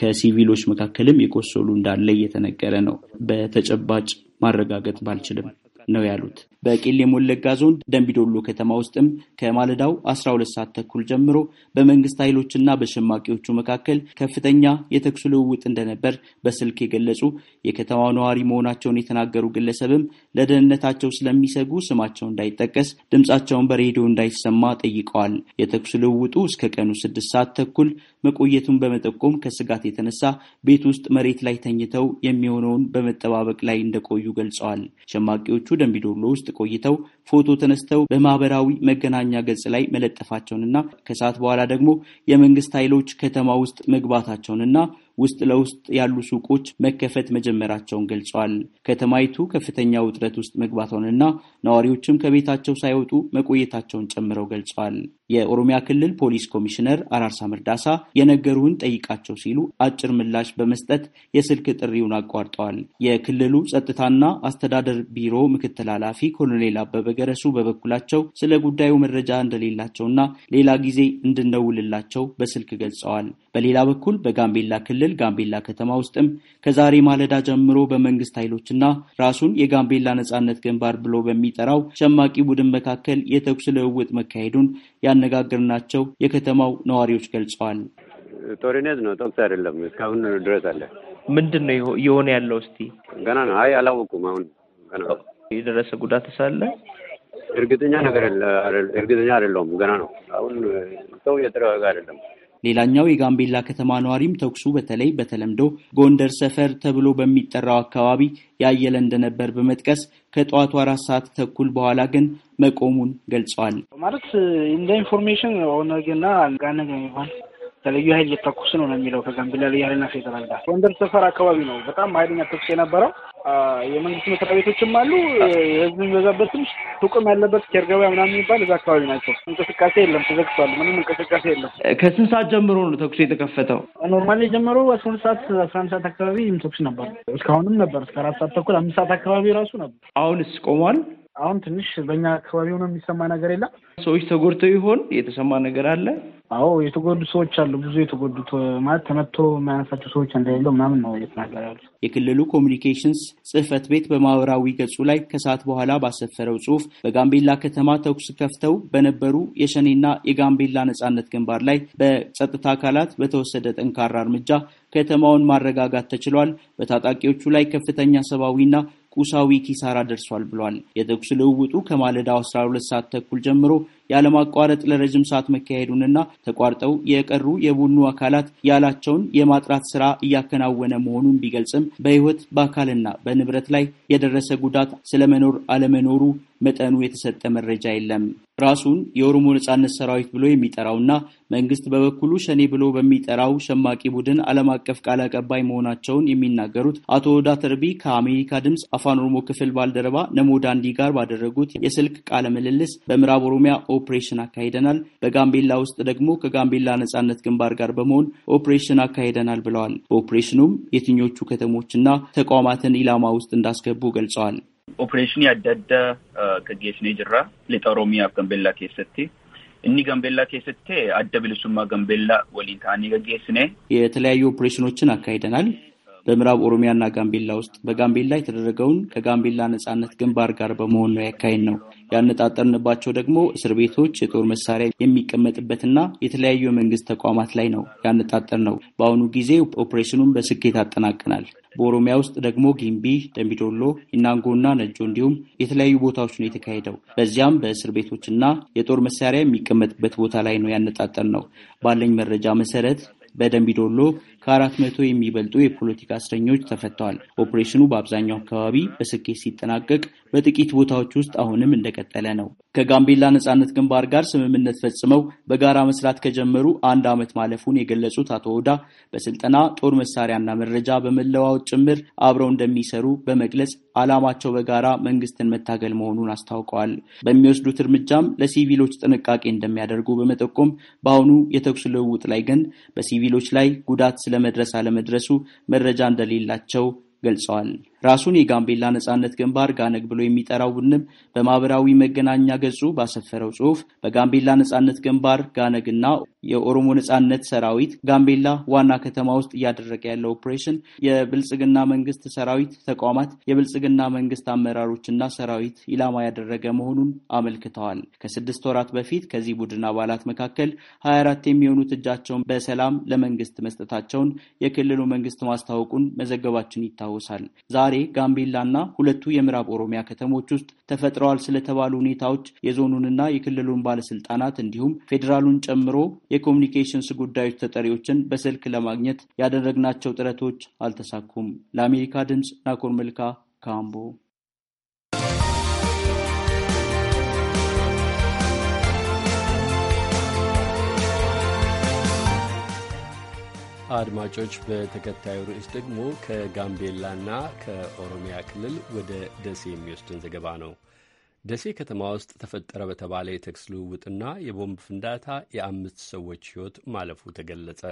ከሲቪሎች መካከልም የቆሰሉ እንዳለ እየተነገረ ነው። በተጨባጭ ማረጋገጥ ባልችልም ነው ያሉት በቄሌ ሞለጋ ዞን ደንቢዶሎ ከተማ ውስጥም ከማለዳው 12 ሰዓት ተኩል ጀምሮ በመንግስት ኃይሎችና በሸማቂዎቹ መካከል ከፍተኛ የተኩስ ልውውጥ እንደነበር በስልክ የገለጹ የከተማው ነዋሪ መሆናቸውን የተናገሩ ግለሰብም ለደህንነታቸው ስለሚሰጉ ስማቸው እንዳይጠቀስ ድምፃቸውን በሬዲዮ እንዳይሰማ ጠይቀዋል። የተኩስ ልውውጡ እስከ ቀኑ ስድስት ሰዓት ተኩል መቆየቱን በመጠቆም ከስጋት የተነሳ ቤት ውስጥ መሬት ላይ ተኝተው የሚሆነውን በመጠባበቅ ላይ እንደቆዩ ገልጸዋል። ሸማቂዎቹ ደንቢዶሎ ውስጥ ቆይተው ፎቶ ተነስተው በማህበራዊ መገናኛ ገጽ ላይ መለጠፋቸውንና ከሰዓት በኋላ ደግሞ የመንግስት ኃይሎች ከተማ ውስጥ መግባታቸውንና ውስጥ ለውስጥ ያሉ ሱቆች መከፈት መጀመራቸውን ገልጸዋል። ከተማይቱ ከፍተኛ ውጥረት ውስጥ መግባቷንና ነዋሪዎችም ከቤታቸው ሳይወጡ መቆየታቸውን ጨምረው ገልጸዋል። የኦሮሚያ ክልል ፖሊስ ኮሚሽነር አራርሳ መርዳሳ የነገሩን ጠይቃቸው ሲሉ አጭር ምላሽ በመስጠት የስልክ ጥሪውን አቋርጠዋል። የክልሉ ጸጥታና አስተዳደር ቢሮ ምክትል ኃላፊ ኮሎኔል አበበ ገረሱ በበኩላቸው ስለ ጉዳዩ መረጃ እንደሌላቸውና ሌላ ጊዜ እንድንደውልላቸው በስልክ ገልጸዋል። በሌላ በኩል በጋምቤላ ክልል ክልል ጋምቤላ ከተማ ውስጥም ከዛሬ ማለዳ ጀምሮ በመንግስት ኃይሎችና ራሱን የጋምቤላ ነጻነት ግንባር ብሎ በሚጠራው ሸማቂ ቡድን መካከል የተኩስ ልውውጥ መካሄዱን ያነጋገርናቸው የከተማው ነዋሪዎች ገልጸዋል። ጦርነት ነው፣ ተኩስ አይደለም። እስካሁን ድረስ አለ። ምንድን ነው የሆነ ያለው? እስቲ ገና ነው። አይ አላወቁም። አሁን ገና የደረሰ ጉዳት ሳለ እርግጠኛ ነገር እርግጠኛ አይደለሁም። ገና ነው። አሁን ሰው እየተረጋጋ አይደለም። ሌላኛው የጋምቤላ ከተማ ነዋሪም ተኩሱ በተለይ በተለምዶ ጎንደር ሰፈር ተብሎ በሚጠራው አካባቢ ያየለ እንደነበር በመጥቀስ ከጠዋቱ አራት ሰዓት ተኩል በኋላ ግን መቆሙን ገልጸዋል። ማለት እንደ ኢንፎርሜሽን ኦነግና ጋነገ ይሆን በልዩ ኃይል እየተኩስ ነው ነው የሚለው ከጋምቤላ ልዩ ኃይልና ፌዴራል ጋር ወንደር ሰፈር አካባቢ ነው በጣም ኃይለኛ ተኩስ የነበረው። የመንግስት መስሪያ ቤቶችም አሉ፣ የህዝብ የሚበዛበትም ሱቅም ያለበት ኬርገባ ምናምን የሚባል እዛ አካባቢ ናቸው። እንቅስቃሴ የለም፣ ተዘግቷል። ምንም እንቅስቃሴ የለም። ከስንት ሰዓት ጀምሮ ነው ተኩስ የተከፈተው? ኖርማሊ የጀመሩ አስራ ሁለት ሰዓት አስራ አንድ ሰዓት አካባቢ ተኩስ ነበር። እስካሁንም ነበር እስከ አራት ሰዓት ተኩል አምስት ሰዓት አካባቢ ራሱ ነበር። አሁንስ ቆሟል? አሁን ትንሽ በእኛ አካባቢ ሆነ የሚሰማ ነገር የለም። ሰዎች ተጎድተው ይሆን የተሰማ ነገር አለ? አዎ የተጎዱ ሰዎች አሉ። ብዙ የተጎዱት ማለት ተመቶ የማያነሳቸው ሰዎች እንደሌለው ምናምን ነው እየተናገረ የክልሉ ኮሚኒኬሽንስ ጽህፈት ቤት በማህበራዊ ገጹ ላይ ከሰዓት በኋላ ባሰፈረው ጽሁፍ በጋምቤላ ከተማ ተኩስ ከፍተው በነበሩ የሸኔና የጋምቤላ ነጻነት ግንባር ላይ በጸጥታ አካላት በተወሰደ ጠንካራ እርምጃ ከተማውን ማረጋጋት ተችሏል። በታጣቂዎቹ ላይ ከፍተኛ ሰብአዊና ቁሳዊ ኪሳራ ደርሷል ብሏል። የተኩስ ልውውጡ ከማለዳው 12 ሰዓት ተኩል ጀምሮ ያለማቋረጥ ለረዥም ሰዓት መካሄዱንና ተቋርጠው የቀሩ የቡድኑ አካላት ያላቸውን የማጥራት ስራ እያከናወነ መሆኑን ቢገልጽም በህይወት በአካልና በንብረት ላይ የደረሰ ጉዳት ስለመኖር አለመኖሩ መጠኑ የተሰጠ መረጃ የለም። ራሱን የኦሮሞ ነጻነት ሰራዊት ብሎ የሚጠራውና መንግስት በበኩሉ ሸኔ ብሎ በሚጠራው ሸማቂ ቡድን ዓለም አቀፍ ቃል አቀባይ መሆናቸውን የሚናገሩት አቶ ወዳ ተርቢ ከአሜሪካ ድምፅ አፋን ኦሮሞ ክፍል ባልደረባ ነሞዳንዲ ጋር ባደረጉት የስልክ ቃለ ምልልስ በምዕራብ ኦሮሚያ ኦፕሬሽን አካሂደናል። በጋምቤላ ውስጥ ደግሞ ከጋምቤላ ነጻነት ግንባር ጋር በመሆን ኦፕሬሽን አካሂደናል ብለዋል። በኦፕሬሽኑም የትኞቹ ከተሞችና ተቋማትን ኢላማ ውስጥ እንዳስገቡ ገልጸዋል። ኦፕሬሽን ያደደ ከጌሽኔ ጅራ ሊጣ ጋምቤላ እኒ ጋምቤላ ኬሰቴ አደብልሱማ ጋምቤላ ወሊን የተለያዩ ኦፕሬሽኖችን አካሂደናል። በምዕራብ ኦሮሚያና ጋምቤላ ውስጥ በጋምቤላ የተደረገውን ከጋምቤላ ነጻነት ግንባር ጋር በመሆን ነው ያካሄድ ነው። ያነጣጠርንባቸው ደግሞ እስር ቤቶች፣ የጦር መሳሪያ የሚቀመጥበትና የተለያዩ የመንግስት ተቋማት ላይ ነው ያነጣጠር ነው። በአሁኑ ጊዜ ኦፕሬሽኑን በስኬት አጠናቀናል። በኦሮሚያ ውስጥ ደግሞ ጊምቢ፣ ደምቢዶሎ፣ ኢናንጎና ነጆ እንዲሁም የተለያዩ ቦታዎች ነው የተካሄደው። በዚያም በእስር ቤቶችና የጦር መሳሪያ የሚቀመጥበት ቦታ ላይ ነው ያነጣጠር ነው። ባለኝ መረጃ መሰረት በደምቢዶሎ ከአራት መቶ የሚበልጡ የፖለቲካ እስረኞች ተፈተዋል። ኦፕሬሽኑ በአብዛኛው አካባቢ በስኬት ሲጠናቀቅ፣ በጥቂት ቦታዎች ውስጥ አሁንም እንደቀጠለ ነው። ከጋምቤላ ነጻነት ግንባር ጋር ስምምነት ፈጽመው በጋራ መስራት ከጀመሩ አንድ ዓመት ማለፉን የገለጹት አቶ ወዳ በስልጠና ጦር መሳሪያና መረጃ በመለዋወጥ ጭምር አብረው እንደሚሰሩ በመግለጽ ዓላማቸው በጋራ መንግስትን መታገል መሆኑን አስታውቀዋል። በሚወስዱት እርምጃም ለሲቪሎች ጥንቃቄ እንደሚያደርጉ በመጠቆም በአሁኑ የተኩስ ልውውጥ ላይ ግን በሲቪሎች ላይ ጉዳት ስለ ለመድረስ አለመድረሱ መረጃ እንደሌላቸው ገልጸዋል። ራሱን የጋምቤላ ነጻነት ግንባር ጋነግ ብሎ የሚጠራው ቡድንም በማህበራዊ መገናኛ ገጹ ባሰፈረው ጽሁፍ በጋምቤላ ነጻነት ግንባር ጋነግና የኦሮሞ ነጻነት ሰራዊት ጋምቤላ ዋና ከተማ ውስጥ እያደረገ ያለው ኦፕሬሽን የብልጽግና መንግስት ሰራዊት ተቋማት፣ የብልጽግና መንግስት አመራሮችና ሰራዊት ኢላማ ያደረገ መሆኑን አመልክተዋል። ከስድስት ወራት በፊት ከዚህ ቡድን አባላት መካከል ሀያ አራት የሚሆኑት እጃቸውን በሰላም ለመንግስት መስጠታቸውን የክልሉ መንግስት ማስታወቁን መዘገባችን ይታወሳል። ዛሬ ዛሬ ጋምቤላና ሁለቱ የምዕራብ ኦሮሚያ ከተሞች ውስጥ ተፈጥረዋል ስለተባሉ ሁኔታዎች የዞኑንና የክልሉን ባለስልጣናት እንዲሁም ፌዴራሉን ጨምሮ የኮሚኒኬሽንስ ጉዳዮች ተጠሪዎችን በስልክ ለማግኘት ያደረግናቸው ጥረቶች አልተሳኩም። ለአሜሪካ ድምፅ ናኮር መልካ ካምቦ አድማጮች በተከታዩ ርዕስ ደግሞ ከጋምቤላና ከኦሮሚያ ክልል ወደ ደሴ የሚወስድን ዘገባ ነው። ደሴ ከተማ ውስጥ ተፈጠረ በተባለ የተኩስ ልውውጥና የቦምብ ፍንዳታ የአምስት ሰዎች ሕይወት ማለፉ ተገለጸ።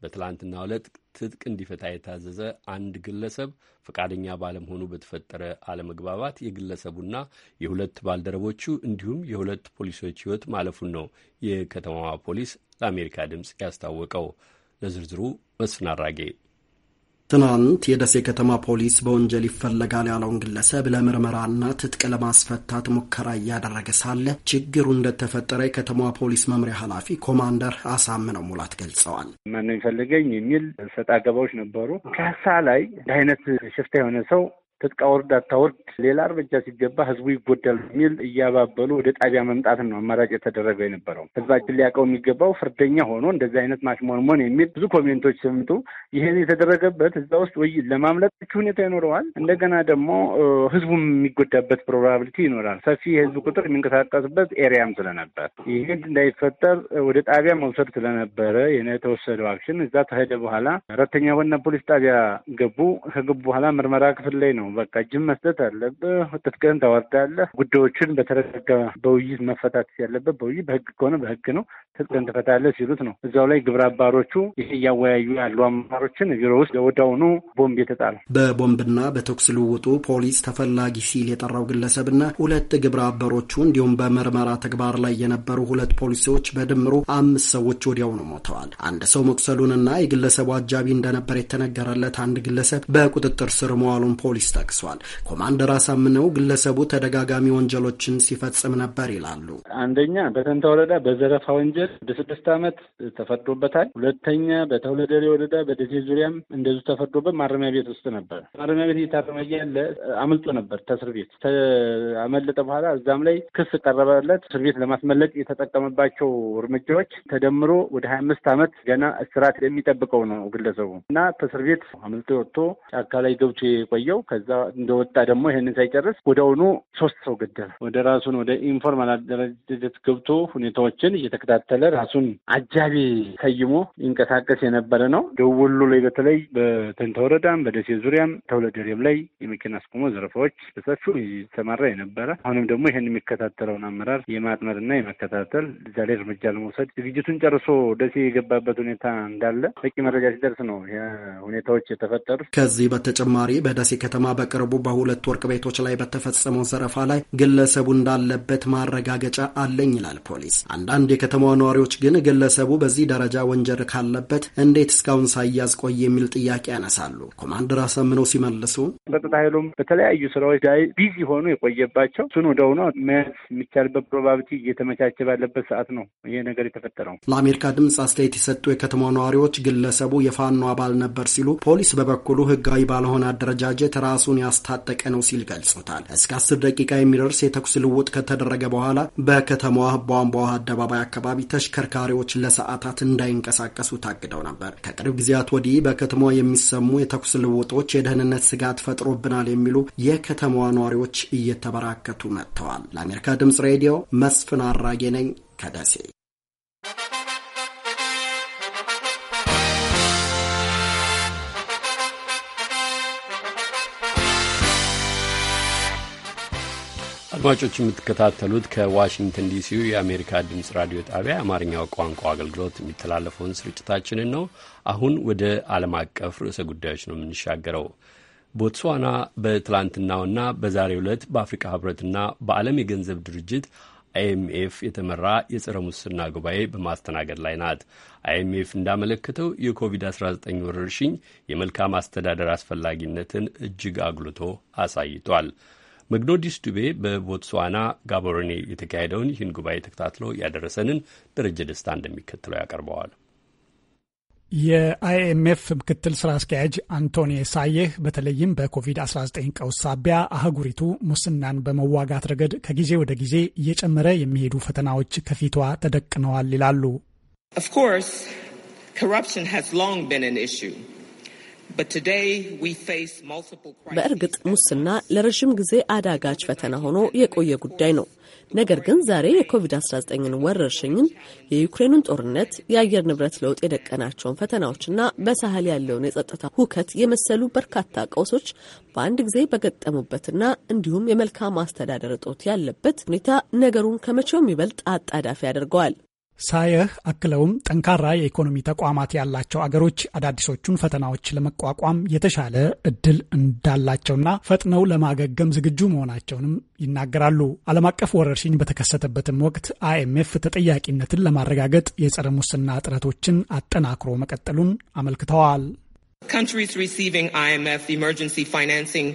በትላንትናው ዕለት ትጥቅ እንዲፈታ የታዘዘ አንድ ግለሰብ ፈቃደኛ ባለመሆኑ በተፈጠረ አለመግባባት የግለሰቡና የሁለት ባልደረቦቹ እንዲሁም የሁለት ፖሊሶች ሕይወት ማለፉን ነው የከተማዋ ፖሊስ ለአሜሪካ ድምፅ ያስታወቀው። ለዝርዝሩ መስፍን አራጌ ትናንት የደሴ ከተማ ፖሊስ በወንጀል ይፈለጋል ያለውን ግለሰብ ለምርመራና ትጥቅ ለማስፈታት ሙከራ እያደረገ ሳለ ችግሩ እንደተፈጠረ የከተማዋ ፖሊስ መምሪያ ኃላፊ ኮማንደር አሳምነው ሙላት ገልጸዋል። ማነው ይፈልገኝ የሚል ሰጣ ገባዎች ነበሩ። ከሳ ላይ እንደ አይነት ሽፍታ የሆነ ሰው ትጥቅ ወርድ አታወርድ ሌላ እርምጃ ሲገባ ህዝቡ ይጎዳል በሚል እያባበሉ ወደ ጣቢያ መምጣትን ነው አማራጭ የተደረገው የነበረው። ህዝባችን ሊያውቀው የሚገባው ፍርደኛ ሆኖ እንደዚህ አይነት ማሽሞንሞን የሚል ብዙ ኮሜንቶች ስምጡ ይህን የተደረገበት እዛ ውስጥ ወይ ለማምለጥ ሁኔታ ይኖረዋል፣ እንደገና ደግሞ ህዝቡ የሚጎዳበት ፕሮባብሊቲ ይኖራል። ሰፊ የህዝብ ቁጥር የሚንቀሳቀስበት ኤሪያም ስለነበር ይህ እንዳይፈጠር ወደ ጣቢያ መውሰድ ስለነበረ የተወሰደው አክሽን እዛ ተሄደ በኋላ ረተኛ ወና ፖሊስ ጣቢያ ገቡ። ከገቡ በኋላ ምርመራ ክፍል ላይ ነው ነው። በቃ እጅም መስጠት አለብህ። ትጥቅህን ታወርዳለህ። ጉዳዮችን በተረጋጋ በውይይት መፈታት ያለበት በውይይት በህግ ከሆነ በህግ ነው። ትጥቅህን ትፈታለህ ሲሉት ነው። እዛው ላይ ግብረ አባሮቹ ይህ እያወያዩ ያሉ አመራሮችን ቢሮ ውስጥ ወዳውኑ ቦምብ የተጣለ በቦምብና በተኩስ ልውጡ ፖሊስ ተፈላጊ ሲል የጠራው ግለሰብና ሁለት ግብረ አበሮቹ እንዲሁም በምርመራ ተግባር ላይ የነበሩ ሁለት ፖሊሶች በድምሩ አምስት ሰዎች ወዲያውኑ ሞተዋል። አንድ ሰው መቁሰሉንና የግለሰቡ አጃቢ እንደነበር የተነገረለት አንድ ግለሰብ በቁጥጥር ስር መዋሉን ፖሊስ ጠቅሷል። ኮማንደር አሳምነው ግለሰቡ ተደጋጋሚ ወንጀሎችን ሲፈጽም ነበር ይላሉ። አንደኛ በተንታ ወረዳ በዘረፋ ወንጀል ወደ ስድስት ዓመት ተፈርዶበታል። ሁለተኛ በተውለደሬ ወረዳ በደሴ ዙሪያም እንደዚሁ ተፈርዶበት ማረሚያ ቤት ውስጥ ነበር። ማረሚያ ቤት እየታረመ እያለ አምልጦ ነበር ተስር ቤት። አመለጠ በኋላ እዛም ላይ ክስ ቀረበለት። እስር ቤት ለማስመለጥ የተጠቀመባቸው እርምጃዎች ተደምሮ ወደ ሀያ አምስት ዓመት ገና እስራት የሚጠብቀው ነው ግለሰቡ እና ተስር ቤት አምልጦ ወጥቶ ጫካ ላይ ገብቶ የቆየው ከዛ ከዛ እንደወጣ ደግሞ ይሄንን ሳይጨርስ ወደውኑ ሶስት ሰው ገደለ። ወደ ራሱን ወደ ኢንፎርማል አደረጃጀት ገብቶ ሁኔታዎችን እየተከታተለ ራሱን አጃቢ ሰይሞ ይንቀሳቀስ የነበረ ነው። ደቡብ ወሎ ላይ በተለይ በተንተ ወረዳም በደሴ ዙሪያም ደሬብ ላይ የመኪና አስቆሞ ዘረፋዎች በሰፊው ይሰማራ የነበረ አሁንም ደግሞ ይህን የሚከታተለውን አመራር የማጥመር እና የመከታተል እዛ ላይ እርምጃ ለመውሰድ ዝግጅቱን ጨርሶ ደሴ የገባበት ሁኔታ እንዳለ በቂ መረጃ ሲደርስ ነው ሁኔታዎች የተፈጠሩት። ከዚህ በተጨማሪ በደሴ ከተማ በቅርቡ በሁለት ወርቅ ቤቶች ላይ በተፈጸመው ዘረፋ ላይ ግለሰቡ እንዳለበት ማረጋገጫ አለኝ ይላል ፖሊስ። አንዳንድ የከተማዋ ነዋሪዎች ግን ግለሰቡ በዚህ ደረጃ ወንጀል ካለበት እንዴት እስካሁን ሳያዝ ቆየ የሚል ጥያቄ ያነሳሉ። ኮማንደር አሳምነው ሲመልሱ ጸጥታ ኃይሉም በተለያዩ ስራዎች ላይ ቢዚ ሆኑ የቆየባቸው እሱን ወደ ሆኖ መያዝ የሚቻልበት ፕሮባብቲ እየተመቻቸ ባለበት ሰዓት ነው ይሄ ነገር የተፈጠረው። ለአሜሪካ ድምፅ አስተያየት የሰጡ የከተማ ነዋሪዎች ግለሰቡ የፋኖ አባል ነበር ሲሉ ፖሊስ በበኩሉ ህጋዊ ባለሆነ አደረጃጀት ራሱ ራሱን ያስታጠቀ ነው ሲል ገልጾታል። እስከ አስር ደቂቃ የሚደርስ የተኩስ ልውጥ ከተደረገ በኋላ በከተማዋ ቧንቧ ውሃ አደባባይ አካባቢ ተሽከርካሪዎች ለሰዓታት እንዳይንቀሳቀሱ ታግደው ነበር። ከቅርብ ጊዜያት ወዲህ በከተማዋ የሚሰሙ የተኩስ ልውጦች የደህንነት ስጋት ፈጥሮብናል የሚሉ የከተማዋ ነዋሪዎች እየተበራከቱ መጥተዋል። ለአሜሪካ ድምጽ ሬዲዮ መስፍን አራጌ ነኝ ከደሴ። አድማጮች የምትከታተሉት ከዋሽንግተን ዲሲው የአሜሪካ ድምፅ ራዲዮ ጣቢያ የአማርኛው ቋንቋ አገልግሎት የሚተላለፈውን ስርጭታችንን ነው። አሁን ወደ ዓለም አቀፍ ርዕሰ ጉዳዮች ነው የምንሻገረው። ቦትስዋና በትላንትናውና በዛሬው ዕለት በአፍሪካ ህብረትና በዓለም የገንዘብ ድርጅት አይኤምኤፍ የተመራ የጸረ ሙስና ጉባኤ በማስተናገድ ላይ ናት። አይኤምኤፍ እንዳመለከተው የኮቪድ-19 ወረርሽኝ የመልካም አስተዳደር አስፈላጊነትን እጅግ አጉልቶ አሳይቷል። መግዶዲስ ዱቤ በቦትስዋና ጋቦሮኔ የተካሄደውን ይህን ጉባኤ ተከታትሎ ያደረሰንን ደረጀ ደስታ እንደሚከትለው ያቀርበዋል። የአይኤምኤፍ ምክትል ስራ አስኪያጅ አንቶኒ ሳዬህ በተለይም በኮቪድ-19 ቀውስ ሳቢያ አህጉሪቱ ሙስናን በመዋጋት ረገድ ከጊዜ ወደ ጊዜ እየጨመረ የሚሄዱ ፈተናዎች ከፊቷ ተደቅነዋል ይላሉ። በእርግጥ ሙስና ለረዥም ጊዜ አዳጋች ፈተና ሆኖ የቆየ ጉዳይ ነው። ነገር ግን ዛሬ የኮቪድ-19ን ወረርሽኝን፣ የዩክሬኑን ጦርነት፣ የአየር ንብረት ለውጥ የደቀናቸውን ፈተናዎችና በሳህል ያለውን የጸጥታ ሁከት የመሰሉ በርካታ ቀውሶች በአንድ ጊዜ በገጠሙበትና እንዲሁም የመልካም አስተዳደር እጦት ያለበት ሁኔታ ነገሩን ከመቼውም ይበልጥ አጣዳፊ ያደርገዋል። ሳየህ አክለውም ጠንካራ የኢኮኖሚ ተቋማት ያላቸው አገሮች አዳዲሶቹን ፈተናዎች ለመቋቋም የተሻለ እድል እንዳላቸውና ፈጥነው ለማገገም ዝግጁ መሆናቸውንም ይናገራሉ። ዓለም አቀፍ ወረርሽኝ በተከሰተበትም ወቅት አይኤምኤፍ ተጠያቂነትን ለማረጋገጥ የጸረ ሙስና ጥረቶችን አጠናክሮ መቀጠሉን አመልክተዋል። countries receiving IMF emergency financing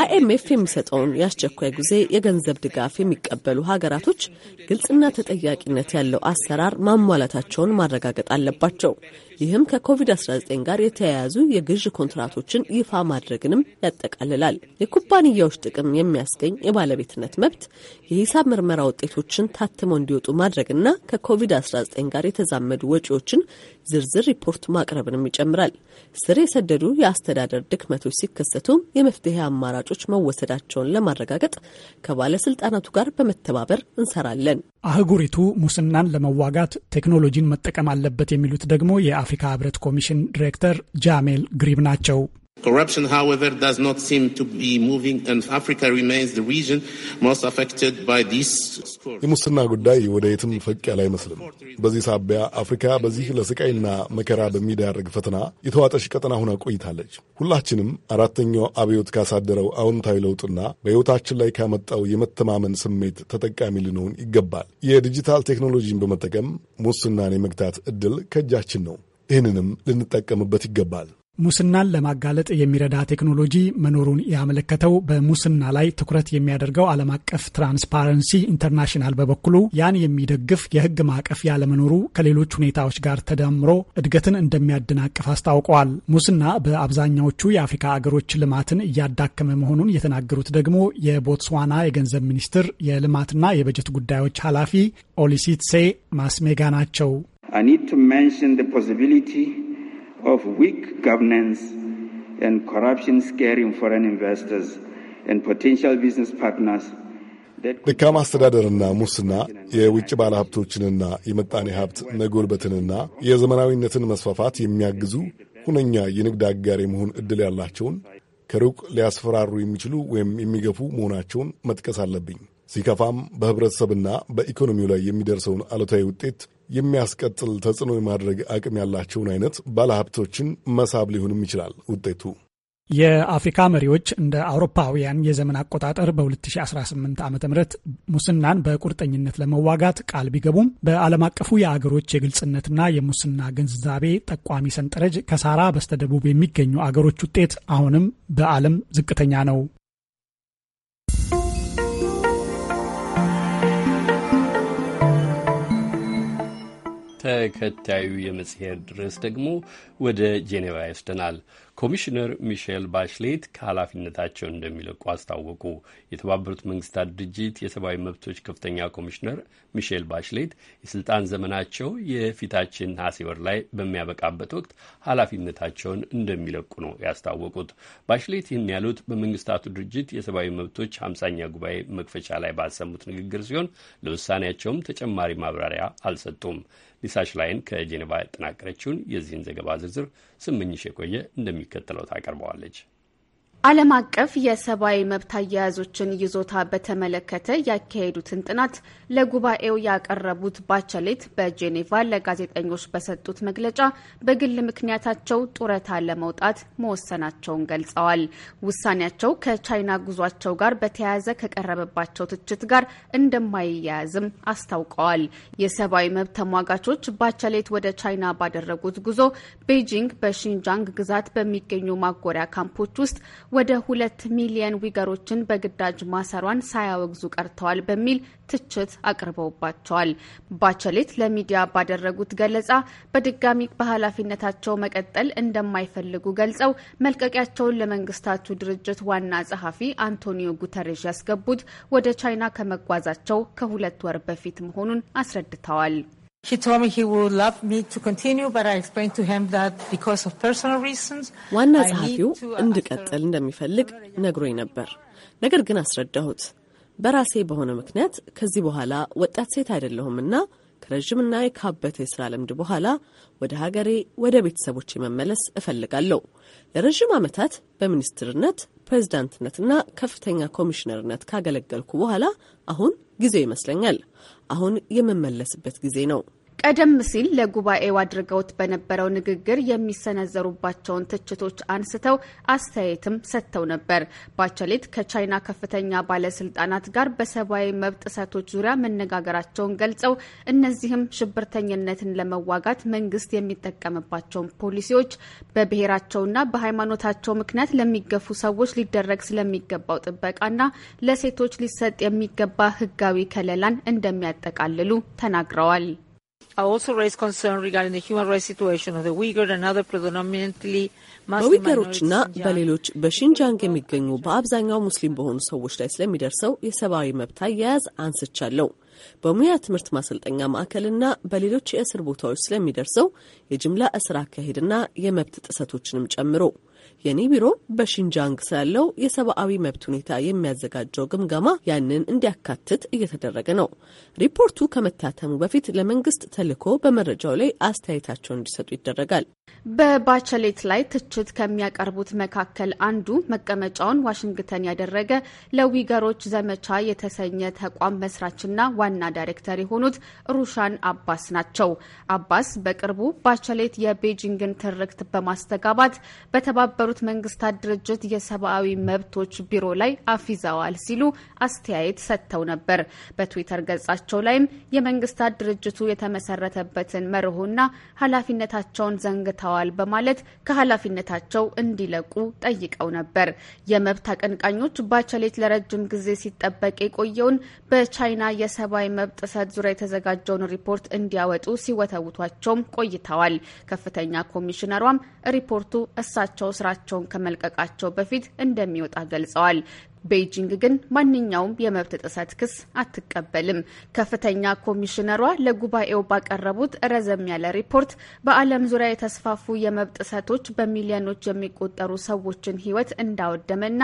አይኤምኤፍ የሚሰጠውን የአስቸኳይ ጊዜ የገንዘብ ድጋፍ የሚቀበሉ ሀገራቶች ግልጽና ተጠያቂነት ያለው አሰራር ማሟላታቸውን ማረጋገጥ አለባቸው። ይህም ከኮቪድ-19 ጋር የተያያዙ የግዥ ኮንትራቶችን ይፋ ማድረግንም ያጠቃልላል። የኩባንያዎች ጥቅም የሚያስገኝ የባለቤትነት መብት፣ የሂሳብ ምርመራ ውጤቶችን ታትመው እንዲወጡ ማድረግና ከኮቪድ-19 ጋር የተዛመዱ ወጪዎችን ዝርዝር ሪፖርት ማቅረብንም ይጨምራል። ስር የሰደዱ የአስተዳደር ድክመቶች ሲከሰቱም የመፍትሄ አማራጮች መወሰዳቸውን ለማረጋገጥ ከባለስልጣናቱ ጋር በመተባበር እንሰራለን። አህጉሪቱ ሙስናን ለመዋጋት ቴክኖሎጂን መጠቀም አለበት የሚሉት ደግሞ የአፍሪካ ህብረት ኮሚሽን ዲሬክተር ጃሜል ግሪብ ናቸው። Corruption, however, does not seem to be moving and Africa remains the region most affected by this የሙስና ጉዳይ ወደ የትም ፈቅ ያለ አይመስልም። በዚህ ሳቢያ አፍሪካ በዚህ ለስቃይና መከራ በሚዳርግ ፈተና የተዋጠች ቀጠና ሁና ቆይታለች። ሁላችንም አራተኛው አብዮት ካሳደረው አዎንታዊ ለውጥና በሕይወታችን ላይ ካመጣው የመተማመን ስሜት ተጠቃሚ ልንሆን ይገባል። የዲጂታል ቴክኖሎጂን በመጠቀም ሙስናን የመግታት ዕድል ከእጃችን ነው። ይህንንም ልንጠቀምበት ይገባል። ሙስናን ለማጋለጥ የሚረዳ ቴክኖሎጂ መኖሩን ያመለከተው በሙስና ላይ ትኩረት የሚያደርገው ዓለም አቀፍ ትራንስፓረንሲ ኢንተርናሽናል በበኩሉ ያን የሚደግፍ የሕግ ማዕቀፍ ያለመኖሩ ከሌሎች ሁኔታዎች ጋር ተዳምሮ እድገትን እንደሚያደናቅፍ አስታውቀዋል። ሙስና በአብዛኛዎቹ የአፍሪካ አገሮች ልማትን እያዳከመ መሆኑን የተናገሩት ደግሞ የቦትስዋና የገንዘብ ሚኒስትር የልማትና የበጀት ጉዳዮች ኃላፊ ኦሊሲትሴ ማስሜጋ ናቸው። of weak governance and corruption scaring foreign investors and potential business partners. ደካማ አስተዳደርና ሙስና የውጭ ባለሀብቶችንና የመጣኔ ሀብት መጎልበትንና የዘመናዊነትን መስፋፋት የሚያግዙ ሁነኛ የንግድ አጋር የመሆን ዕድል ያላቸውን ከሩቅ ሊያስፈራሩ የሚችሉ ወይም የሚገፉ መሆናቸውን መጥቀስ አለብኝ። ሲከፋም በህብረተሰብና በኢኮኖሚው ላይ የሚደርሰውን አሉታዊ ውጤት የሚያስቀጥል ተጽዕኖ የማድረግ አቅም ያላቸውን አይነት ባለሀብቶችን መሳብ ሊሆንም ይችላል ውጤቱ። የአፍሪካ መሪዎች እንደ አውሮፓውያን የዘመን አቆጣጠር በ2018 ዓ ም ሙስናን በቁርጠኝነት ለመዋጋት ቃል ቢገቡም በዓለም አቀፉ የአገሮች የግልጽነትና የሙስና ግንዛቤ ጠቋሚ ሰንጠረዥ ከሳራ በስተደቡብ የሚገኙ አገሮች ውጤት አሁንም በዓለም ዝቅተኛ ነው። ተከታዩ የመጽሔት ድረስ ደግሞ ወደ ጄኔቫ ይወስደናል። ኮሚሽነር ሚሼል ባሽሌት ከኃላፊነታቸው እንደሚለቁ አስታወቁ። የተባበሩት መንግስታት ድርጅት የሰብአዊ መብቶች ከፍተኛ ኮሚሽነር ሚሼል ባሽሌት የስልጣን ዘመናቸው የፊታችን ነሐሴ ወር ላይ በሚያበቃበት ወቅት ኃላፊነታቸውን እንደሚለቁ ነው ያስታወቁት። ባሽሌት ይህን ያሉት በመንግስታቱ ድርጅት የሰብአዊ መብቶች ሀምሳኛ ጉባኤ መክፈቻ ላይ ባሰሙት ንግግር ሲሆን ለውሳኔያቸውም ተጨማሪ ማብራሪያ አልሰጡም። ሊሳሽ ላይን ከጄኔቫ ያጠናቀረችውን የዚህን ዘገባ ዝርዝር ስምኝሽ የቆየ እንደሚከተለው ታቀርበዋለች። ዓለም አቀፍ የሰብአዊ መብት አያያዞችን ይዞታ በተመለከተ ያካሄዱትን ጥናት ለጉባኤው ያቀረቡት ባቸሌት በጄኔቫ ለጋዜጠኞች በሰጡት መግለጫ በግል ምክንያታቸው ጡረታ ለመውጣት መወሰናቸውን ገልጸዋል። ውሳኔያቸው ከቻይና ጉዟቸው ጋር በተያያዘ ከቀረበባቸው ትችት ጋር እንደማይያያዝም አስታውቀዋል። የሰብአዊ መብት ተሟጋቾች ባቸሌት ወደ ቻይና ባደረጉት ጉዞ ቤጂንግ በሺንጃንግ ግዛት በሚገኙ ማጎሪያ ካምፖች ውስጥ ወደ ሁለት ሚሊየን ዊገሮችን በግዳጅ ማሰሯን ሳያወግዙ ቀርተዋል በሚል ትችት አቅርበውባቸዋል። ባቸሌት ለሚዲያ ባደረጉት ገለጻ በድጋሚ በኃላፊነታቸው መቀጠል እንደማይፈልጉ ገልጸው መልቀቂያቸውን ለመንግስታቱ ድርጅት ዋና ጸሐፊ አንቶኒዮ ጉተሬዥ ያስገቡት ወደ ቻይና ከመጓዛቸው ከሁለት ወር በፊት መሆኑን አስረድተዋል። ዋና ጸሐፊው እንድቀጥል እንደሚፈልግ ነግሮኝ ነበር። ነገር ግን አስረዳሁት በራሴ በሆነ ምክንያት ከዚህ በኋላ ወጣት ሴት አይደለሁምና ከረዥምና የካበተ የስራ ልምድ በኋላ ወደ ሀገሬ ወደ ቤተሰቦች መመለስ እፈልጋለሁ። ለረዥም ዓመታት በሚኒስትርነት ፕሬዚዳንትነትና ከፍተኛ ኮሚሽነርነት ካገለገልኩ በኋላ አሁን ጊዜው ይመስለኛል። አሁን የምመለስበት ጊዜ ነው። ቀደም ሲል ለጉባኤው አድርገውት በነበረው ንግግር የሚሰነዘሩባቸውን ትችቶች አንስተው አስተያየትም ሰጥተው ነበር። ባቸሌት ከቻይና ከፍተኛ ባለስልጣናት ጋር በሰብአዊ መብት ጥሰቶች ዙሪያ መነጋገራቸውን ገልጸው እነዚህም ሽብርተኝነትን ለመዋጋት መንግስት የሚጠቀምባቸውን ፖሊሲዎች በብሔራቸውና በሃይማኖታቸው ምክንያት ለሚገፉ ሰዎች ሊደረግ ስለሚገባው ጥበቃና ለሴቶች ሊሰጥ የሚገባ ህጋዊ ከለላን እንደሚያጠቃልሉ ተናግረዋል። በዊገሮችና በሌሎች በሽንጃንግ የሚገኙ በአብዛኛው ሙስሊም በሆኑ ሰዎች ላይ ስለሚደርሰው የሰብአዊ መብት አያያዝ አንስቻለሁ። በሙያ ትምህርት ማሰልጠኛ ማዕከልና በሌሎች የእስር ቦታዎች ስለሚደርሰው የጅምላ እስር አካሄድና የመብት ጥሰቶችንም ጨምሮ የኔ ቢሮ በሺንጃንግ ስላለው የሰብአዊ መብት ሁኔታ የሚያዘጋጀው ግምገማ ያንን እንዲያካትት እየተደረገ ነው። ሪፖርቱ ከመታተሙ በፊት ለመንግስት ተልኮ በመረጃው ላይ አስተያየታቸውን እንዲሰጡ ይደረጋል። በባቸሌት ላይ ትችት ከሚያቀርቡት መካከል አንዱ መቀመጫውን ዋሽንግተን ያደረገ ለዊገሮች ዘመቻ የተሰኘ ተቋም መስራችና ዋና ዳይሬክተር የሆኑት ሩሻን አባስ ናቸው። አባስ በቅርቡ ባቸሌት የቤጂንግን ትርክት በማስተጋባት በተባበሩ የተባበሩት መንግስታት ድርጅት የሰብአዊ መብቶች ቢሮ ላይ አፊዘዋል ሲሉ አስተያየት ሰጥተው ነበር። በትዊተር ገጻቸው ላይም የመንግስታት ድርጅቱ የተመሰረተበትን መርሆና ኃላፊነታቸውን ዘንግተዋል በማለት ከኃላፊነታቸው እንዲለቁ ጠይቀው ነበር። የመብት አቀንቃኞች ባቸሌት ለረጅም ጊዜ ሲጠበቅ የቆየውን በቻይና የሰብአዊ መብት ጥሰት ዙሪያ የተዘጋጀውን ሪፖርት እንዲያወጡ ሲወተውቷቸውም ቆይተዋል። ከፍተኛ ኮሚሽነሯም ሪፖርቱ እሳቸው ስራቸው ስራቸውን ከመልቀቃቸው በፊት እንደሚወጣ ገልጸዋል። ቤይጂንግ ግን ማንኛውም የመብት ጥሰት ክስ አትቀበልም። ከፍተኛ ኮሚሽነሯ ለጉባኤው ባቀረቡት ረዘም ያለ ሪፖርት በዓለም ዙሪያ የተስፋፉ የመብት ጥሰቶች በሚሊዮኖች የሚቆጠሩ ሰዎችን ሕይወት እንዳወደመና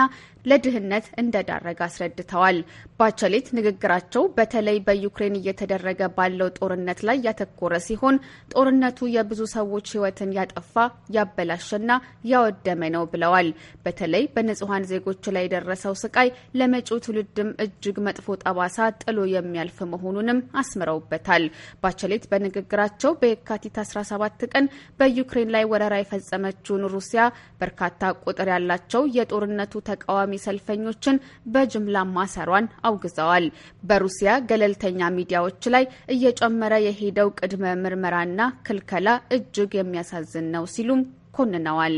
ለድህነት እንደዳረገ አስረድተዋል። ባቸሌት ንግግራቸው በተለይ በዩክሬን እየተደረገ ባለው ጦርነት ላይ ያተኮረ ሲሆን ጦርነቱ የብዙ ሰዎች ሕይወትን ያጠፋ ያበላሸና ያወደመ ነው ብለዋል። በተለይ በንጹሐን ዜጎች ላይ የደረሰው ስቃይ ለመጪው ትውልድም እጅግ መጥፎ ጠባሳ ጥሎ የሚያልፍ መሆኑንም አስምረውበታል። ባቸሌት በንግግራቸው በየካቲት 17 ቀን በዩክሬን ላይ ወረራ የፈጸመችውን ሩሲያ በርካታ ቁጥር ያላቸው የጦርነቱ ተቃዋሚ ሰልፈኞችን በጅምላ ማሰሯን አውግዘዋል። በሩሲያ ገለልተኛ ሚዲያዎች ላይ እየጨመረ የሄደው ቅድመ ምርመራና ክልከላ እጅግ የሚያሳዝን ነው ሲሉም ኮንነዋል።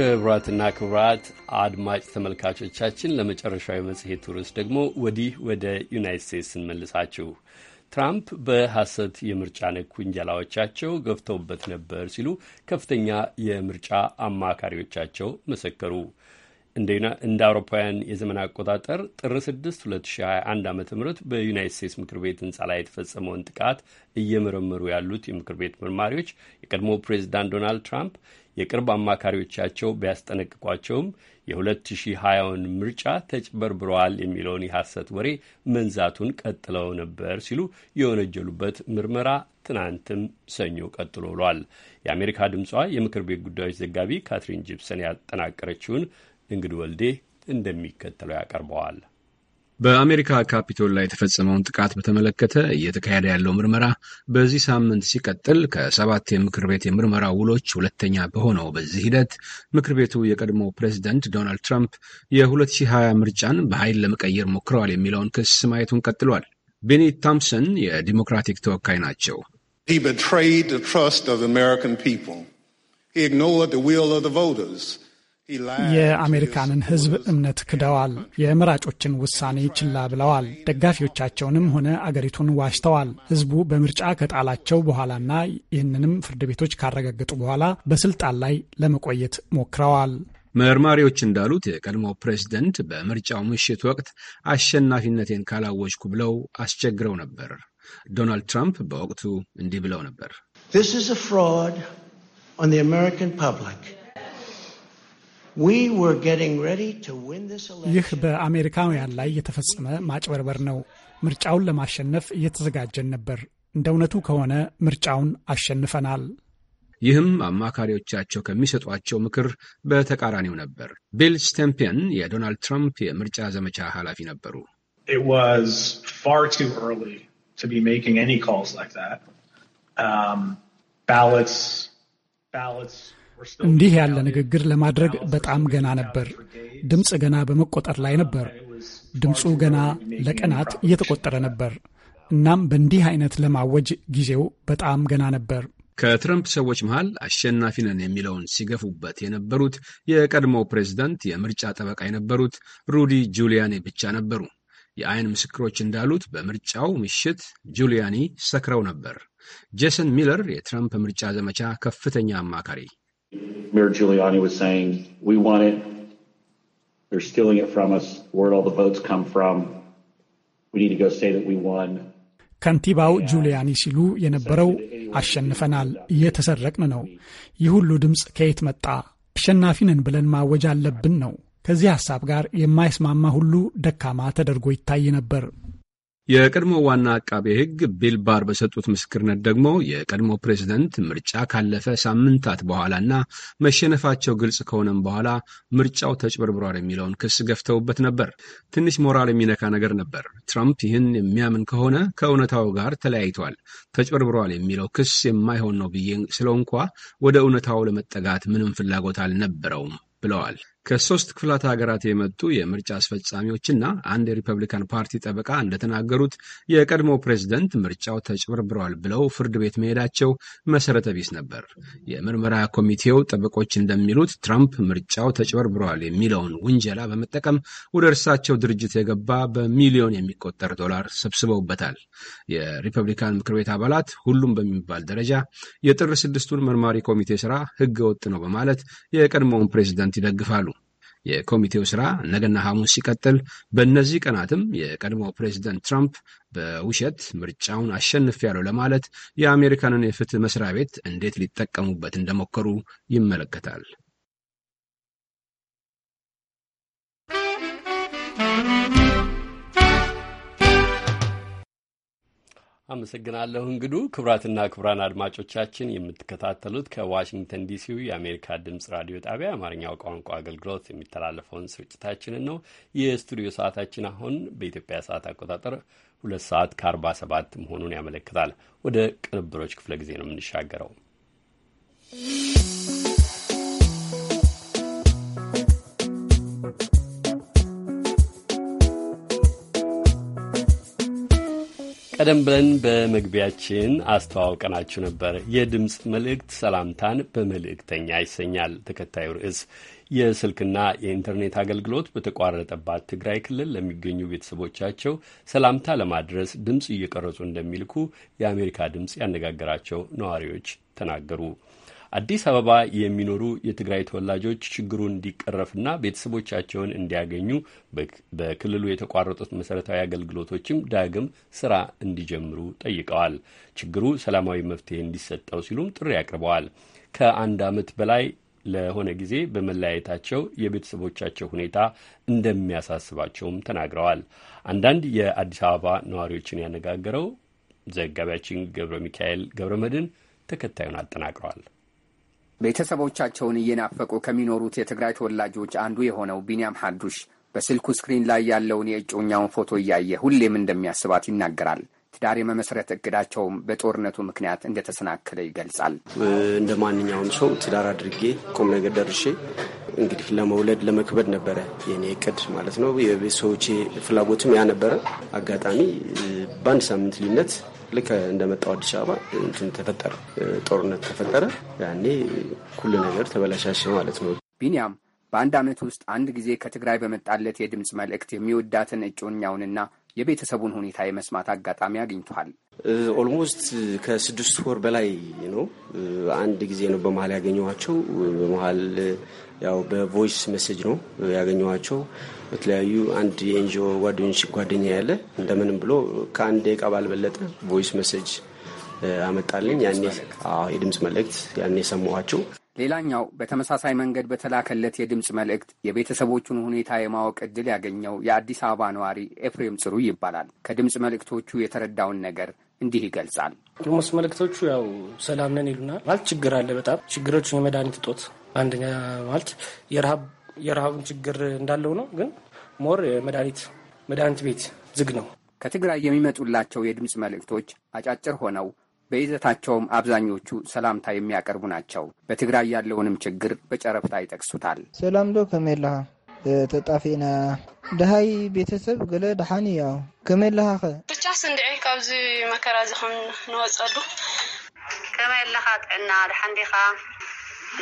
ክቡራትና ክቡራት አድማጭ ተመልካቾቻችን ለመጨረሻዊ መጽሔት ርዕስ ደግሞ ወዲህ ወደ ዩናይት ስቴትስ እንመልሳችሁ። ትራምፕ በሐሰት የምርጫ ነክ ውንጀላዎቻቸው ገፍተውበት ነበር ሲሉ ከፍተኛ የምርጫ አማካሪዎቻቸው መሰከሩ። እንደ አውሮፓውያን የዘመን አቆጣጠር ጥር 6 2021 ዓ ም በዩናይት ስቴትስ ምክር ቤት ህንፃ ላይ የተፈጸመውን ጥቃት እየመረመሩ ያሉት የምክር ቤት መርማሪዎች የቀድሞ ፕሬዚዳንት ዶናልድ ትራምፕ የቅርብ አማካሪዎቻቸው ቢያስጠነቅቋቸውም የ2020ውን ምርጫ ተጭበርብረዋል የሚለውን የሐሰት ወሬ መንዛቱን ቀጥለው ነበር ሲሉ የወነጀሉበት ምርመራ ትናንትም ሰኞ ቀጥሎ ውሏል። የአሜሪካ ድምጿ የምክር ቤት ጉዳዮች ዘጋቢ ካትሪን ጂፕሰን ያጠናቀረችውን እንግድ ወልዴ እንደሚከተለው ያቀርበዋል። በአሜሪካ ካፒቶል ላይ የተፈጸመውን ጥቃት በተመለከተ እየተካሄደ ያለው ምርመራ በዚህ ሳምንት ሲቀጥል ከሰባት የምክር ቤት የምርመራ ውሎች ሁለተኛ በሆነው በዚህ ሂደት ምክር ቤቱ የቀድሞ ፕሬዚደንት ዶናልድ ትራምፕ የ2020 ምርጫን በኃይል ለመቀየር ሞክረዋል የሚለውን ክስ ማየቱን ቀጥሏል። ቤኒ ቶምፕሰን የዲሞክራቲክ ተወካይ ናቸው። He betrayed the trust of the American people. He ignored the will of the voters. የአሜሪካንን ሕዝብ እምነት ክደዋል። የመራጮችን ውሳኔ ችላ ብለዋል። ደጋፊዎቻቸውንም ሆነ አገሪቱን ዋሽተዋል። ሕዝቡ በምርጫ ከጣላቸው በኋላና ይህንንም ፍርድ ቤቶች ካረጋገጡ በኋላ በስልጣን ላይ ለመቆየት ሞክረዋል። መርማሪዎች እንዳሉት የቀድሞው ፕሬዝደንት በምርጫው ምሽት ወቅት አሸናፊነቴን ካላወጅኩ ብለው አስቸግረው ነበር። ዶናልድ ትራምፕ በወቅቱ እንዲህ ብለው ነበር። This is a fraud on the American public. ይህ በአሜሪካውያን ላይ የተፈጸመ ማጭበርበር ነው። ምርጫውን ለማሸነፍ እየተዘጋጀን ነበር። እንደ እውነቱ ከሆነ ምርጫውን አሸንፈናል። ይህም አማካሪዎቻቸው ከሚሰጧቸው ምክር በተቃራኒው ነበር። ቢል ስቴምፒየን የዶናልድ ትራምፕ የምርጫ ዘመቻ ኃላፊ ነበሩ። እንዲህ ያለ ንግግር ለማድረግ በጣም ገና ነበር። ድምፅ ገና በመቆጠር ላይ ነበር። ድምፁ ገና ለቀናት እየተቆጠረ ነበር። እናም በእንዲህ አይነት ለማወጅ ጊዜው በጣም ገና ነበር። ከትረምፕ ሰዎች መሃል አሸናፊ ነን የሚለውን ሲገፉበት የነበሩት የቀድሞው ፕሬዚዳንት የምርጫ ጠበቃ የነበሩት ሩዲ ጁሊያኒ ብቻ ነበሩ። የአይን ምስክሮች እንዳሉት በምርጫው ምሽት ጁሊያኒ ሰክረው ነበር። ጄሰን ሚለር የትረምፕ ምርጫ ዘመቻ ከፍተኛ አማካሪ Mayor Giuliani was saying, we want it. They're stealing it from us. Where'd all the votes come from? We need to go say that we won. ከንቲባው ጁሊያኒ ሲሉ የነበረው አሸንፈናል፣ እየተሰረቅን ነው፣ ይህ ሁሉ ድምፅ ከየት መጣ? አሸናፊ ነን ብለን ማወጅ አለብን ነው። ከዚህ ሐሳብ ጋር የማይስማማ ሁሉ ደካማ ተደርጎ ይታይ ነበር። የቀድሞ ዋና አቃቤ ሕግ ቢል ባር በሰጡት ምስክርነት ደግሞ የቀድሞ ፕሬዝደንት ምርጫ ካለፈ ሳምንታት በኋላና መሸነፋቸው ግልጽ ከሆነም በኋላ ምርጫው ተጭበርብሯል የሚለውን ክስ ገፍተውበት ነበር። ትንሽ ሞራል የሚነካ ነገር ነበር። ትራምፕ ይህን የሚያምን ከሆነ ከእውነታው ጋር ተለያይቷል። ተጭበርብሯል የሚለው ክስ የማይሆን ነው ብዬ ስለ እንኳ ወደ እውነታው ለመጠጋት ምንም ፍላጎት አልነበረውም ብለዋል። ከሶስት ክፍላት ሀገራት የመጡ የምርጫ አስፈጻሚዎችና አንድ የሪፐብሊካን ፓርቲ ጠበቃ እንደተናገሩት የቀድሞ ፕሬዝደንት ምርጫው ተጭበርብረዋል ብለው ፍርድ ቤት መሄዳቸው መሰረተ ቢስ ነበር። የምርመራ ኮሚቴው ጠበቆች እንደሚሉት ትራምፕ ምርጫው ተጭበርብረዋል የሚለውን ውንጀላ በመጠቀም ወደ እርሳቸው ድርጅት የገባ በሚሊዮን የሚቆጠር ዶላር ሰብስበውበታል። የሪፐብሊካን ምክር ቤት አባላት ሁሉም በሚባል ደረጃ የጥር ስድስቱን መርማሪ ኮሚቴ ስራ ህገ ወጥ ነው በማለት የቀድሞውን ፕሬዝደንት ይደግፋሉ። የኮሚቴው ስራ ነገና ሐሙስ ሲቀጥል በእነዚህ ቀናትም የቀድሞ ፕሬዚደንት ትራምፕ በውሸት ምርጫውን አሸንፍ ያለው ለማለት የአሜሪካንን የፍትህ መስሪያ ቤት እንዴት ሊጠቀሙበት እንደሞከሩ ይመለከታል። Thank አመሰግናለሁ እንግዱ። ክቡራትና ክቡራን አድማጮቻችን የምትከታተሉት ከዋሽንግተን ዲሲው የአሜሪካ ድምጽ ራዲዮ ጣቢያ የአማርኛው ቋንቋ አገልግሎት የሚተላለፈውን ስርጭታችንን ነው። የስቱዲዮ ሰዓታችን አሁን በኢትዮጵያ ሰዓት አቆጣጠር ሁለት ሰዓት ከአርባ ሰባት መሆኑን ያመለክታል። ወደ ቅንብሮች ክፍለ ጊዜ ነው የምንሻገረው። ቀደም ብለን በመግቢያችን አስተዋውቀናችሁ ነበር። የድምፅ መልእክት ሰላምታን በመልእክተኛ ይሰኛል። ተከታዩ ርዕስ የስልክና የኢንተርኔት አገልግሎት በተቋረጠባት ትግራይ ክልል ለሚገኙ ቤተሰቦቻቸው ሰላምታ ለማድረስ ድምፅ እየቀረጹ እንደሚልኩ የአሜሪካ ድምፅ ያነጋገራቸው ነዋሪዎች ተናገሩ። አዲስ አበባ የሚኖሩ የትግራይ ተወላጆች ችግሩ እንዲቀረፍና ቤተሰቦቻቸውን እንዲያገኙ በክልሉ የተቋረጡት መሰረታዊ አገልግሎቶችም ዳግም ስራ እንዲጀምሩ ጠይቀዋል። ችግሩ ሰላማዊ መፍትሄ እንዲሰጠው ሲሉም ጥሪ አቅርበዋል። ከአንድ ዓመት በላይ ለሆነ ጊዜ በመለያየታቸው የቤተሰቦቻቸው ሁኔታ እንደሚያሳስባቸውም ተናግረዋል። አንዳንድ የአዲስ አበባ ነዋሪዎችን ያነጋገረው ዘጋቢያችን ገብረ ሚካኤል ገብረ መድን ተከታዩን አጠናቅረዋል። ቤተሰቦቻቸውን እየናፈቁ ከሚኖሩት የትግራይ ተወላጆች አንዱ የሆነው ቢንያም ሐዱሽ በስልኩ ስክሪን ላይ ያለውን የእጮኛውን ፎቶ እያየ ሁሌም እንደሚያስባት ይናገራል። ትዳር የመመስረት እቅዳቸውም በጦርነቱ ምክንያት እንደተሰናከለ ይገልጻል። እንደ ማንኛውም ሰው ትዳር አድርጌ ቁም ነገር ደርሼ እንግዲህ ለመውለድ ለመክበድ ነበረ የኔ እቅድ ማለት ነው። የቤተሰቦቼ ፍላጎትም ያ ነበረ። አጋጣሚ በአንድ ሳምንት ልዩነት ልክ እንደመጣው አዲስ አበባ እንትን ተፈጠረ፣ ጦርነት ተፈጠረ። ያኔ ሁሉ ነገር ተበላሻሽ ማለት ነው። ቢኒያም በአንድ ዓመት ውስጥ አንድ ጊዜ ከትግራይ በመጣለት የድምፅ መልእክት የሚወዳትን እጮኛውንና የቤተሰቡን ሁኔታ የመስማት አጋጣሚ አግኝቷል። ኦልሞስት ከስድስት ወር በላይ ነው። አንድ ጊዜ ነው በመሀል ያገኘኋቸው። በመሀል ያው በቮይስ መሴጅ ነው ያገኘኋቸው። በተለያዩ አንድ የኤንጂኦ ጓደኞች ጓደኛ ያለ እንደምንም ብሎ ከአንድ ደቂቃ ባልበለጠ ቮይስ መሴጅ አመጣልኝ። ያኔ የድምፅ መልእክት ያኔ የሰማኋቸው ሌላኛው በተመሳሳይ መንገድ በተላከለት የድምፅ መልእክት የቤተሰቦቹን ሁኔታ የማወቅ ዕድል ያገኘው የአዲስ አበባ ነዋሪ ኤፍሬም ጽሩ ይባላል። ከድምፅ መልእክቶቹ የተረዳውን ነገር እንዲህ ይገልጻል። ድሞስ መልእክቶቹ ያው ሰላም ነን ይሉናል። ማለት ችግር አለ በጣም ችግሮችን የመድኃኒት እጦት አንደኛ ማለት የረሃቡን ችግር እንዳለው ነው። ግን ሞር የመድኃኒት መድኃኒት ቤት ዝግ ነው። ከትግራይ የሚመጡላቸው የድምፅ መልእክቶች አጫጭር ሆነው በይዘታቸውም አብዛኞቹ ሰላምታ የሚያቀርቡ ናቸው። በትግራይ ያለውንም ችግር በጨረፍታ ይጠቅሱታል። ሰላምዶ ከመላ ተጣፊና ድሃይ ቤተሰብ ገለ ድሓኒ እያ ከመይ ኣለኻ ኸ ብቻ ስንድዒ ካብዚ መከራ እዚ ከም ንወፀሉ ከመይ ጥዕና ድሓንዲኻ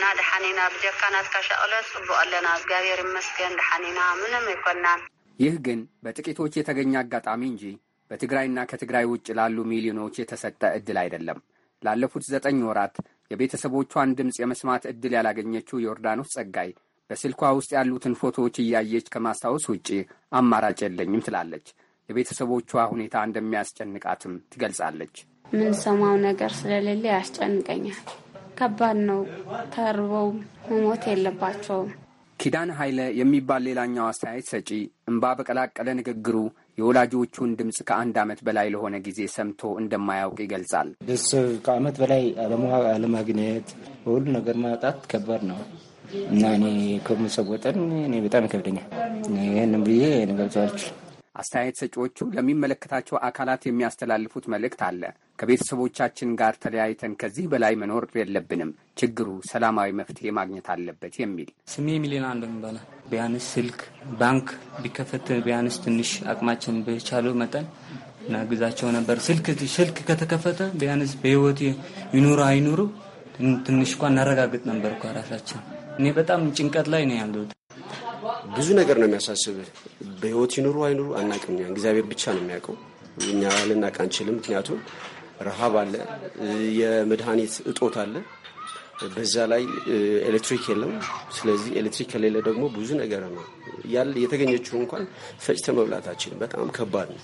ና ድሓኒና ብጀካ ናትካ ሸቕለ ፅቡቅ ኣለና እግዚኣብሔር ይመስገን ድሓኒና ምንም ኣይኮናን። ይህ ግን በጥቂቶች የተገኘ አጋጣሚ እንጂ በትግራይና ከትግራይ ውጭ ላሉ ሚሊዮኖች የተሰጠ እድል አይደለም። ላለፉት ዘጠኝ ወራት የቤተሰቦቿን ድምፅ የመስማት እድል ያላገኘችው ዮርዳኖስ ጸጋይ በስልኳ ውስጥ ያሉትን ፎቶዎች እያየች ከማስታወስ ውጪ አማራጭ የለኝም ትላለች። የቤተሰቦቿ ሁኔታ እንደሚያስጨንቃትም ትገልጻለች። የምንሰማው ነገር ስለሌለ ያስጨንቀኛል። ከባድ ነው። ተርበው መሞት የለባቸውም። ኪዳን ኃይለ የሚባል ሌላኛው አስተያየት ሰጪ እንባ በቀላቀለ ንግግሩ የወላጆቹን ድምፅ ከአንድ ዓመት በላይ ለሆነ ጊዜ ሰምቶ እንደማያውቅ ይገልጻል። ቤተሰብ ከዓመት በላይ አለማግኘት በሁሉ ነገር ማጣት ከባድ ነው እና እኔ እኔ በጣም ይከብደኛል። ይህንም ብዬ ገብቻለሁ። አስተያየት ሰጪዎቹ ለሚመለከታቸው አካላት የሚያስተላልፉት መልእክት አለ። ከቤተሰቦቻችን ጋር ተለያይተን ከዚህ በላይ መኖር የለብንም። ችግሩ ሰላማዊ መፍትሄ ማግኘት አለበት የሚል ስሜ ሚሊዮን እንደሚባለ ቢያንስ ስልክ፣ ባንክ ቢከፈት ቢያንስ ትንሽ አቅማችን በቻለው መጠን ናግዛቸው ነበር። ስልክ ስልክ ከተከፈተ ቢያንስ በህይወት ይኑሩ አይኑሩ ትንሽ እንኳ እናረጋግጥ ነበር እኮ ራሳችን። እኔ በጣም ጭንቀት ላይ ነው ያሉት። ብዙ ነገር ነው የሚያሳስብህ። በህይወት ይኑሩ አይኑሩ አናቅ እግዚአብሔር ብቻ ነው የሚያውቀው። እኛ ልናቅ አንችልም። ምክንያቱም ረሃብ አለ፣ የመድኃኒት እጦት አለ። በዛ ላይ ኤሌክትሪክ የለም። ስለዚህ ኤሌክትሪክ ከሌለ ደግሞ ብዙ ነገር ነው ያለ የተገኘችው እንኳን ፈጭተን መብላታችን በጣም ከባድ ነው።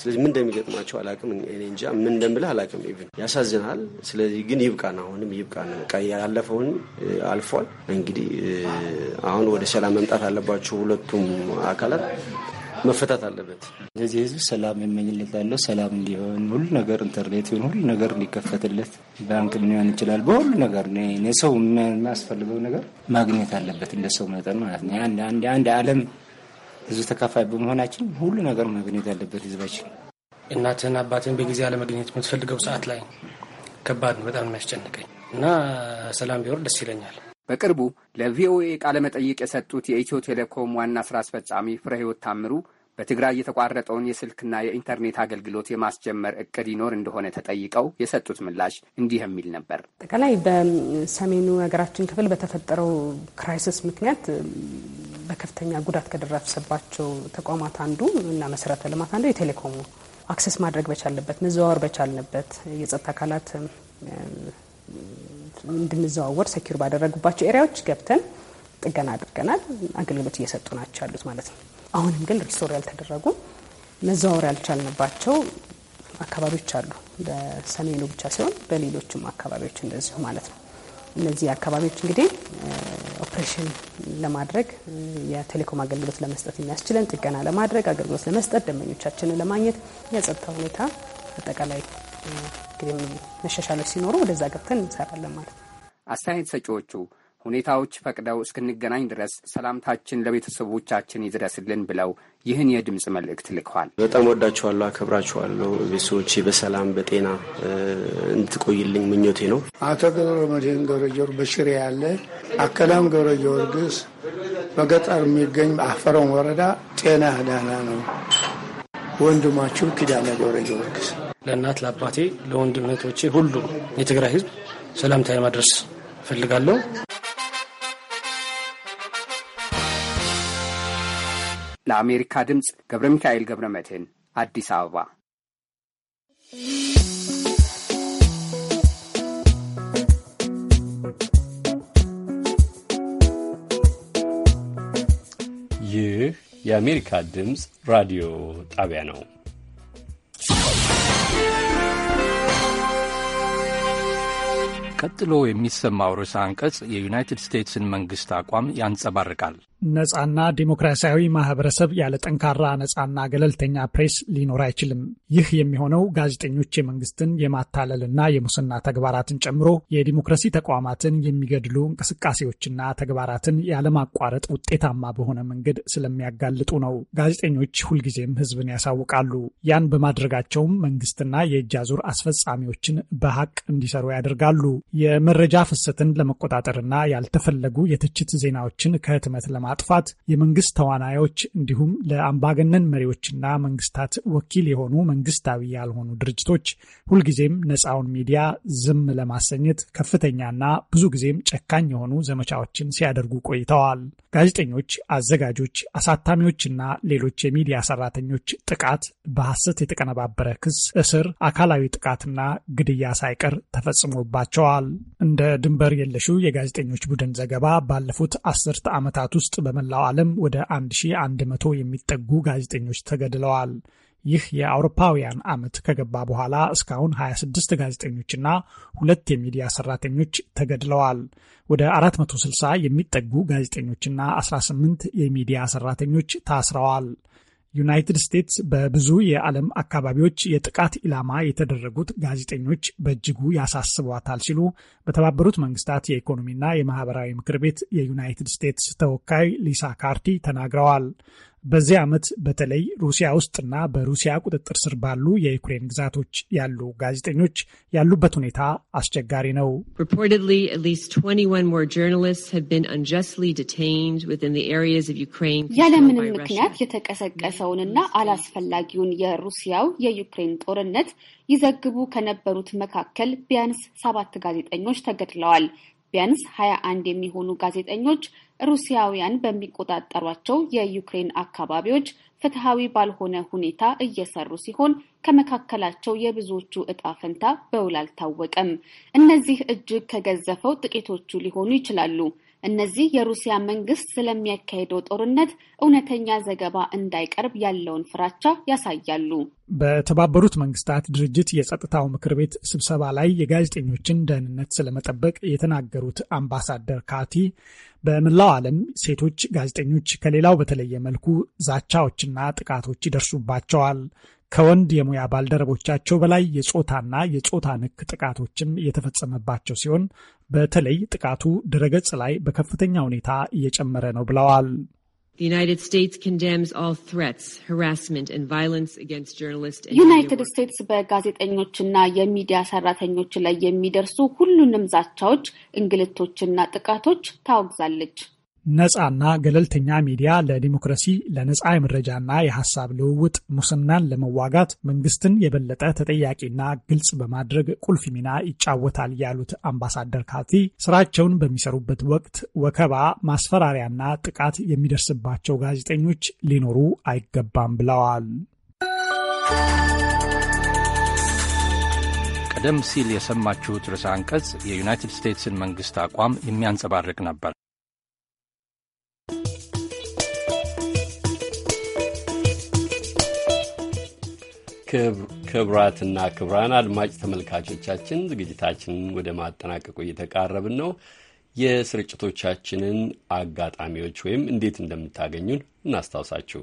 ስለዚህ ምን እንደሚገጥማቸው አላቅም። እኔ እንጃ ምን እንደምልህ አላቅም። ኢቭን ያሳዝናል። ስለዚህ ግን ይብቃን፣ አሁንም ይብቃን። በቃ ያለፈውን አልፏል። እንግዲህ አሁን ወደ ሰላም መምጣት አለባቸው ሁለቱም አካላት መፈታት አለበት። ለዚህ ህዝብ ሰላም ያለው ሰላም እንዲሆን ሁሉ ነገር ኢንተርኔት ይሁን ሁሉ ነገር እንዲከፈትለት፣ ባንክ ሊሆን ይችላል። በሁሉ ነገር ሰው የሚያስፈልገው ነገር ማግኘት አለበት እንደ ሰው መጠን ማለት ነው። አንድ አለም ህዝብ ተካፋይ በመሆናችን ሁሉ ነገር ማግኘት አለበት ህዝባችን። እናትህን አባትህን በጊዜ አለመግኘት የምትፈልገው ሰዓት ላይ ከባድ ነው። በጣም የሚያስጨንቀኝ እና ሰላም ቢወርድ ደስ ይለኛል። በቅርቡ ለቪኦኤ ቃለመጠይቅ የሰጡት የኢትዮ ቴሌኮም ዋና ሥራ አስፈጻሚ ፍረህይወት ታምሩ በትግራይ የተቋረጠውን የስልክና የኢንተርኔት አገልግሎት የማስጀመር እቅድ ይኖር እንደሆነ ተጠይቀው የሰጡት ምላሽ እንዲህ የሚል ነበር። አጠቃላይ በሰሜኑ ሀገራችን ክፍል በተፈጠረው ክራይሲስ ምክንያት በከፍተኛ ጉዳት ከደረሰባቸው ተቋማት አንዱ እና መሰረተ ልማት አንዱ የቴሌኮሙ አክሰስ ማድረግ በቻለበት መዘዋወር በቻልንበት የጸጥታ አካላት እንድንዘዋወር ሰኪር ባደረጉባቸው ኤሪያዎች ገብተን ጥገና አድርገናል። አገልግሎት እየሰጡ ናቸው ያሉት ማለት ነው። አሁንም ግን ሪስቶር ያልተደረጉ መዘዋወር ያልቻልንባቸው አካባቢዎች አሉ። በሰሜኑ ብቻ ሲሆን በሌሎችም አካባቢዎች እንደዚሁ ማለት ነው። እነዚህ አካባቢዎች እንግዲህ ኦፕሬሽን ለማድረግ የቴሌኮም አገልግሎት ለመስጠት የሚያስችለን ጥገና ለማድረግ አገልግሎት ለመስጠት ደንበኞቻችንን ለማግኘት የጸጥታ ሁኔታ አጠቃላይ የሆኑ መሻሻሎች ሲኖሩ ወደዛ ገብተን እንሰራለን ማለት ነው። አስተያየት ሰጪዎቹ ሁኔታዎች ፈቅደው እስክንገናኝ ድረስ ሰላምታችን ለቤተሰቦቻችን ይድረስልን ብለው ይህን የድምፅ መልእክት ልከዋል። በጣም ወዳችኋለሁ፣ አከብራችኋለሁ። ቤተሰቦች በሰላም በጤና እንትቆይልኝ ምኞቴ ነው። አቶ ገብረ መድህን ገብረ ጊዮርጊስ በሽሬ ያለ አከላም ገብረ ጊዮርጊስ በገጠር የሚገኝ አፈረን ወረዳ ጤና ህዳና ነው። ወንድማችሁ ኪዳነ ገብረ ጊዮርጊስ ለእናት ለአባቴ፣ ለወንድ እህቶቼ፣ ሁሉ የትግራይ ህዝብ ሰላምታ ማድረስ እፈልጋለሁ። ለአሜሪካ ድምፅ ገብረ ሚካኤል ገብረ መድህን አዲስ አበባ። ይህ የአሜሪካ ድምፅ ራዲዮ ጣቢያ ነው። ቀጥሎ የሚሰማው ርዕሰ አንቀጽ የዩናይትድ ስቴትስን መንግሥት አቋም ያንጸባርቃል። ነጻና ዲሞክራሲያዊ ማህበረሰብ ያለ ጠንካራ ነጻና ገለልተኛ ፕሬስ ሊኖር አይችልም። ይህ የሚሆነው ጋዜጠኞች የመንግስትን የማታለልና የሙስና ተግባራትን ጨምሮ የዲሞክራሲ ተቋማትን የሚገድሉ እንቅስቃሴዎችና ተግባራትን ያለማቋረጥ ውጤታማ በሆነ መንገድ ስለሚያጋልጡ ነው። ጋዜጠኞች ሁልጊዜም ህዝብን ያሳውቃሉ። ያን በማድረጋቸውም መንግስትና የእጅ አዙር አስፈጻሚዎችን በሀቅ እንዲሰሩ ያደርጋሉ። የመረጃ ፍሰትን ለመቆጣጠርና ያልተፈለጉ የትችት ዜናዎችን ከህትመት ለማ ለማጥፋት የመንግስት ተዋናዮች እንዲሁም ለአምባገነን መሪዎችና መንግስታት ወኪል የሆኑ መንግስታዊ ያልሆኑ ድርጅቶች ሁልጊዜም ነፃውን ሚዲያ ዝም ለማሰኘት ከፍተኛና ብዙ ጊዜም ጨካኝ የሆኑ ዘመቻዎችን ሲያደርጉ ቆይተዋል። ጋዜጠኞች፣ አዘጋጆች፣ አሳታሚዎችና ሌሎች የሚዲያ ሰራተኞች ጥቃት፣ በሐሰት የተቀነባበረ ክስ፣ እስር፣ አካላዊ ጥቃትና ግድያ ሳይቀር ተፈጽሞባቸዋል። እንደ ድንበር የለሹ የጋዜጠኞች ቡድን ዘገባ ባለፉት አስርተ ዓመታት ውስጥ በመላው ዓለም ወደ 1100 የሚጠጉ ጋዜጠኞች ተገድለዋል። ይህ የአውሮፓውያን ዓመት ከገባ በኋላ እስካሁን 26 ጋዜጠኞችና ሁለት የሚዲያ ሰራተኞች ተገድለዋል። ወደ 460 የሚጠጉ ጋዜጠኞችና 18 የሚዲያ ሰራተኞች ታስረዋል። ዩናይትድ ስቴትስ በብዙ የዓለም አካባቢዎች የጥቃት ኢላማ የተደረጉት ጋዜጠኞች በእጅጉ ያሳስቧታል ሲሉ በተባበሩት መንግስታት የኢኮኖሚና የማህበራዊ ምክር ቤት የዩናይትድ ስቴትስ ተወካይ ሊሳ ካርቲ ተናግረዋል። በዚህ ዓመት በተለይ ሩሲያ ውስጥና በሩሲያ ቁጥጥር ስር ባሉ የዩክሬን ግዛቶች ያሉ ጋዜጠኞች ያሉበት ሁኔታ አስቸጋሪ ነው። ያለምንም ምክንያት የተቀሰቀሰውንና አላስፈላጊውን የሩሲያው የዩክሬን ጦርነት ይዘግቡ ከነበሩት መካከል ቢያንስ ሰባት ጋዜጠኞች ተገድለዋል። ቢያንስ ሀያ አንድ የሚሆኑ ጋዜጠኞች ሩሲያውያን በሚቆጣጠሯቸው የዩክሬን አካባቢዎች ፍትሐዊ ባልሆነ ሁኔታ እየሰሩ ሲሆን ከመካከላቸው የብዙዎቹ እጣ ፈንታ በውል አልታወቀም። እነዚህ እጅግ ከገዘፈው ጥቂቶቹ ሊሆኑ ይችላሉ። እነዚህ የሩሲያ መንግስት ስለሚያካሄደው ጦርነት እውነተኛ ዘገባ እንዳይቀርብ ያለውን ፍራቻ ያሳያሉ። በተባበሩት መንግስታት ድርጅት የጸጥታው ምክር ቤት ስብሰባ ላይ የጋዜጠኞችን ደህንነት ስለመጠበቅ የተናገሩት አምባሳደር ካቲ በመላው ዓለም ሴቶች ጋዜጠኞች ከሌላው በተለየ መልኩ ዛቻዎችና ጥቃቶች ይደርሱባቸዋል። ከወንድ የሙያ ባልደረቦቻቸው በላይ የጾታና የጾታ ንክ ጥቃቶችም የተፈጸመባቸው ሲሆን በተለይ ጥቃቱ ድረገጽ ላይ በከፍተኛ ሁኔታ እየጨመረ ነው ብለዋል። ዩናይትድ ስቴትስ በጋዜጠኞችና የሚዲያ ሰራተኞች ላይ የሚደርሱ ሁሉንም ዛቻዎች፣ እንግልቶችና ጥቃቶች ታወግዛለች። ነፃና ገለልተኛ ሚዲያ ለዲሞክራሲ፣ ለነፃ የመረጃና የሐሳብ ልውውጥ፣ ሙስናን ለመዋጋት መንግስትን የበለጠ ተጠያቂና ግልጽ በማድረግ ቁልፍ ሚና ይጫወታል ያሉት አምባሳደር ካቲ ስራቸውን በሚሰሩበት ወቅት ወከባ፣ ማስፈራሪያና ጥቃት የሚደርስባቸው ጋዜጠኞች ሊኖሩ አይገባም ብለዋል። ቀደም ሲል የሰማችሁት ርዕሰ አንቀጽ የዩናይትድ ስቴትስን መንግስት አቋም የሚያንጸባርቅ ነበር። ክቡራትና ክቡራን አድማጭ ተመልካቾቻችን ዝግጅታችንን ወደ ማጠናቀቁ እየተቃረብን ነው። የስርጭቶቻችንን አጋጣሚዎች ወይም እንዴት እንደምታገኙን እናስታውሳችሁ።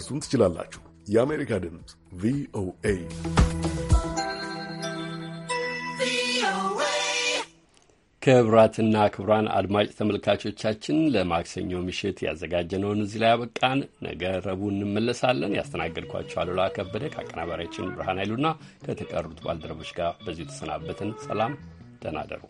ልታደርሱን ትችላላችሁ። የአሜሪካ ድምፅ ቪኦኤ ክብራትና ክብራን አድማጭ ተመልካቾቻችን ለማክሰኞ ምሽት ያዘጋጀነውን እዚህ ላይ ያበቃን። ነገ ረቡዕ እንመለሳለን። ያስተናገድኳቸው አሉላ ከበደ ከአቀናባሪያችን ብርሃን ኃይሉና ከተቀሩት ባልደረቦች ጋር በዚሁ ተሰናበትን። ሰላም፣ ደህና እደሩ።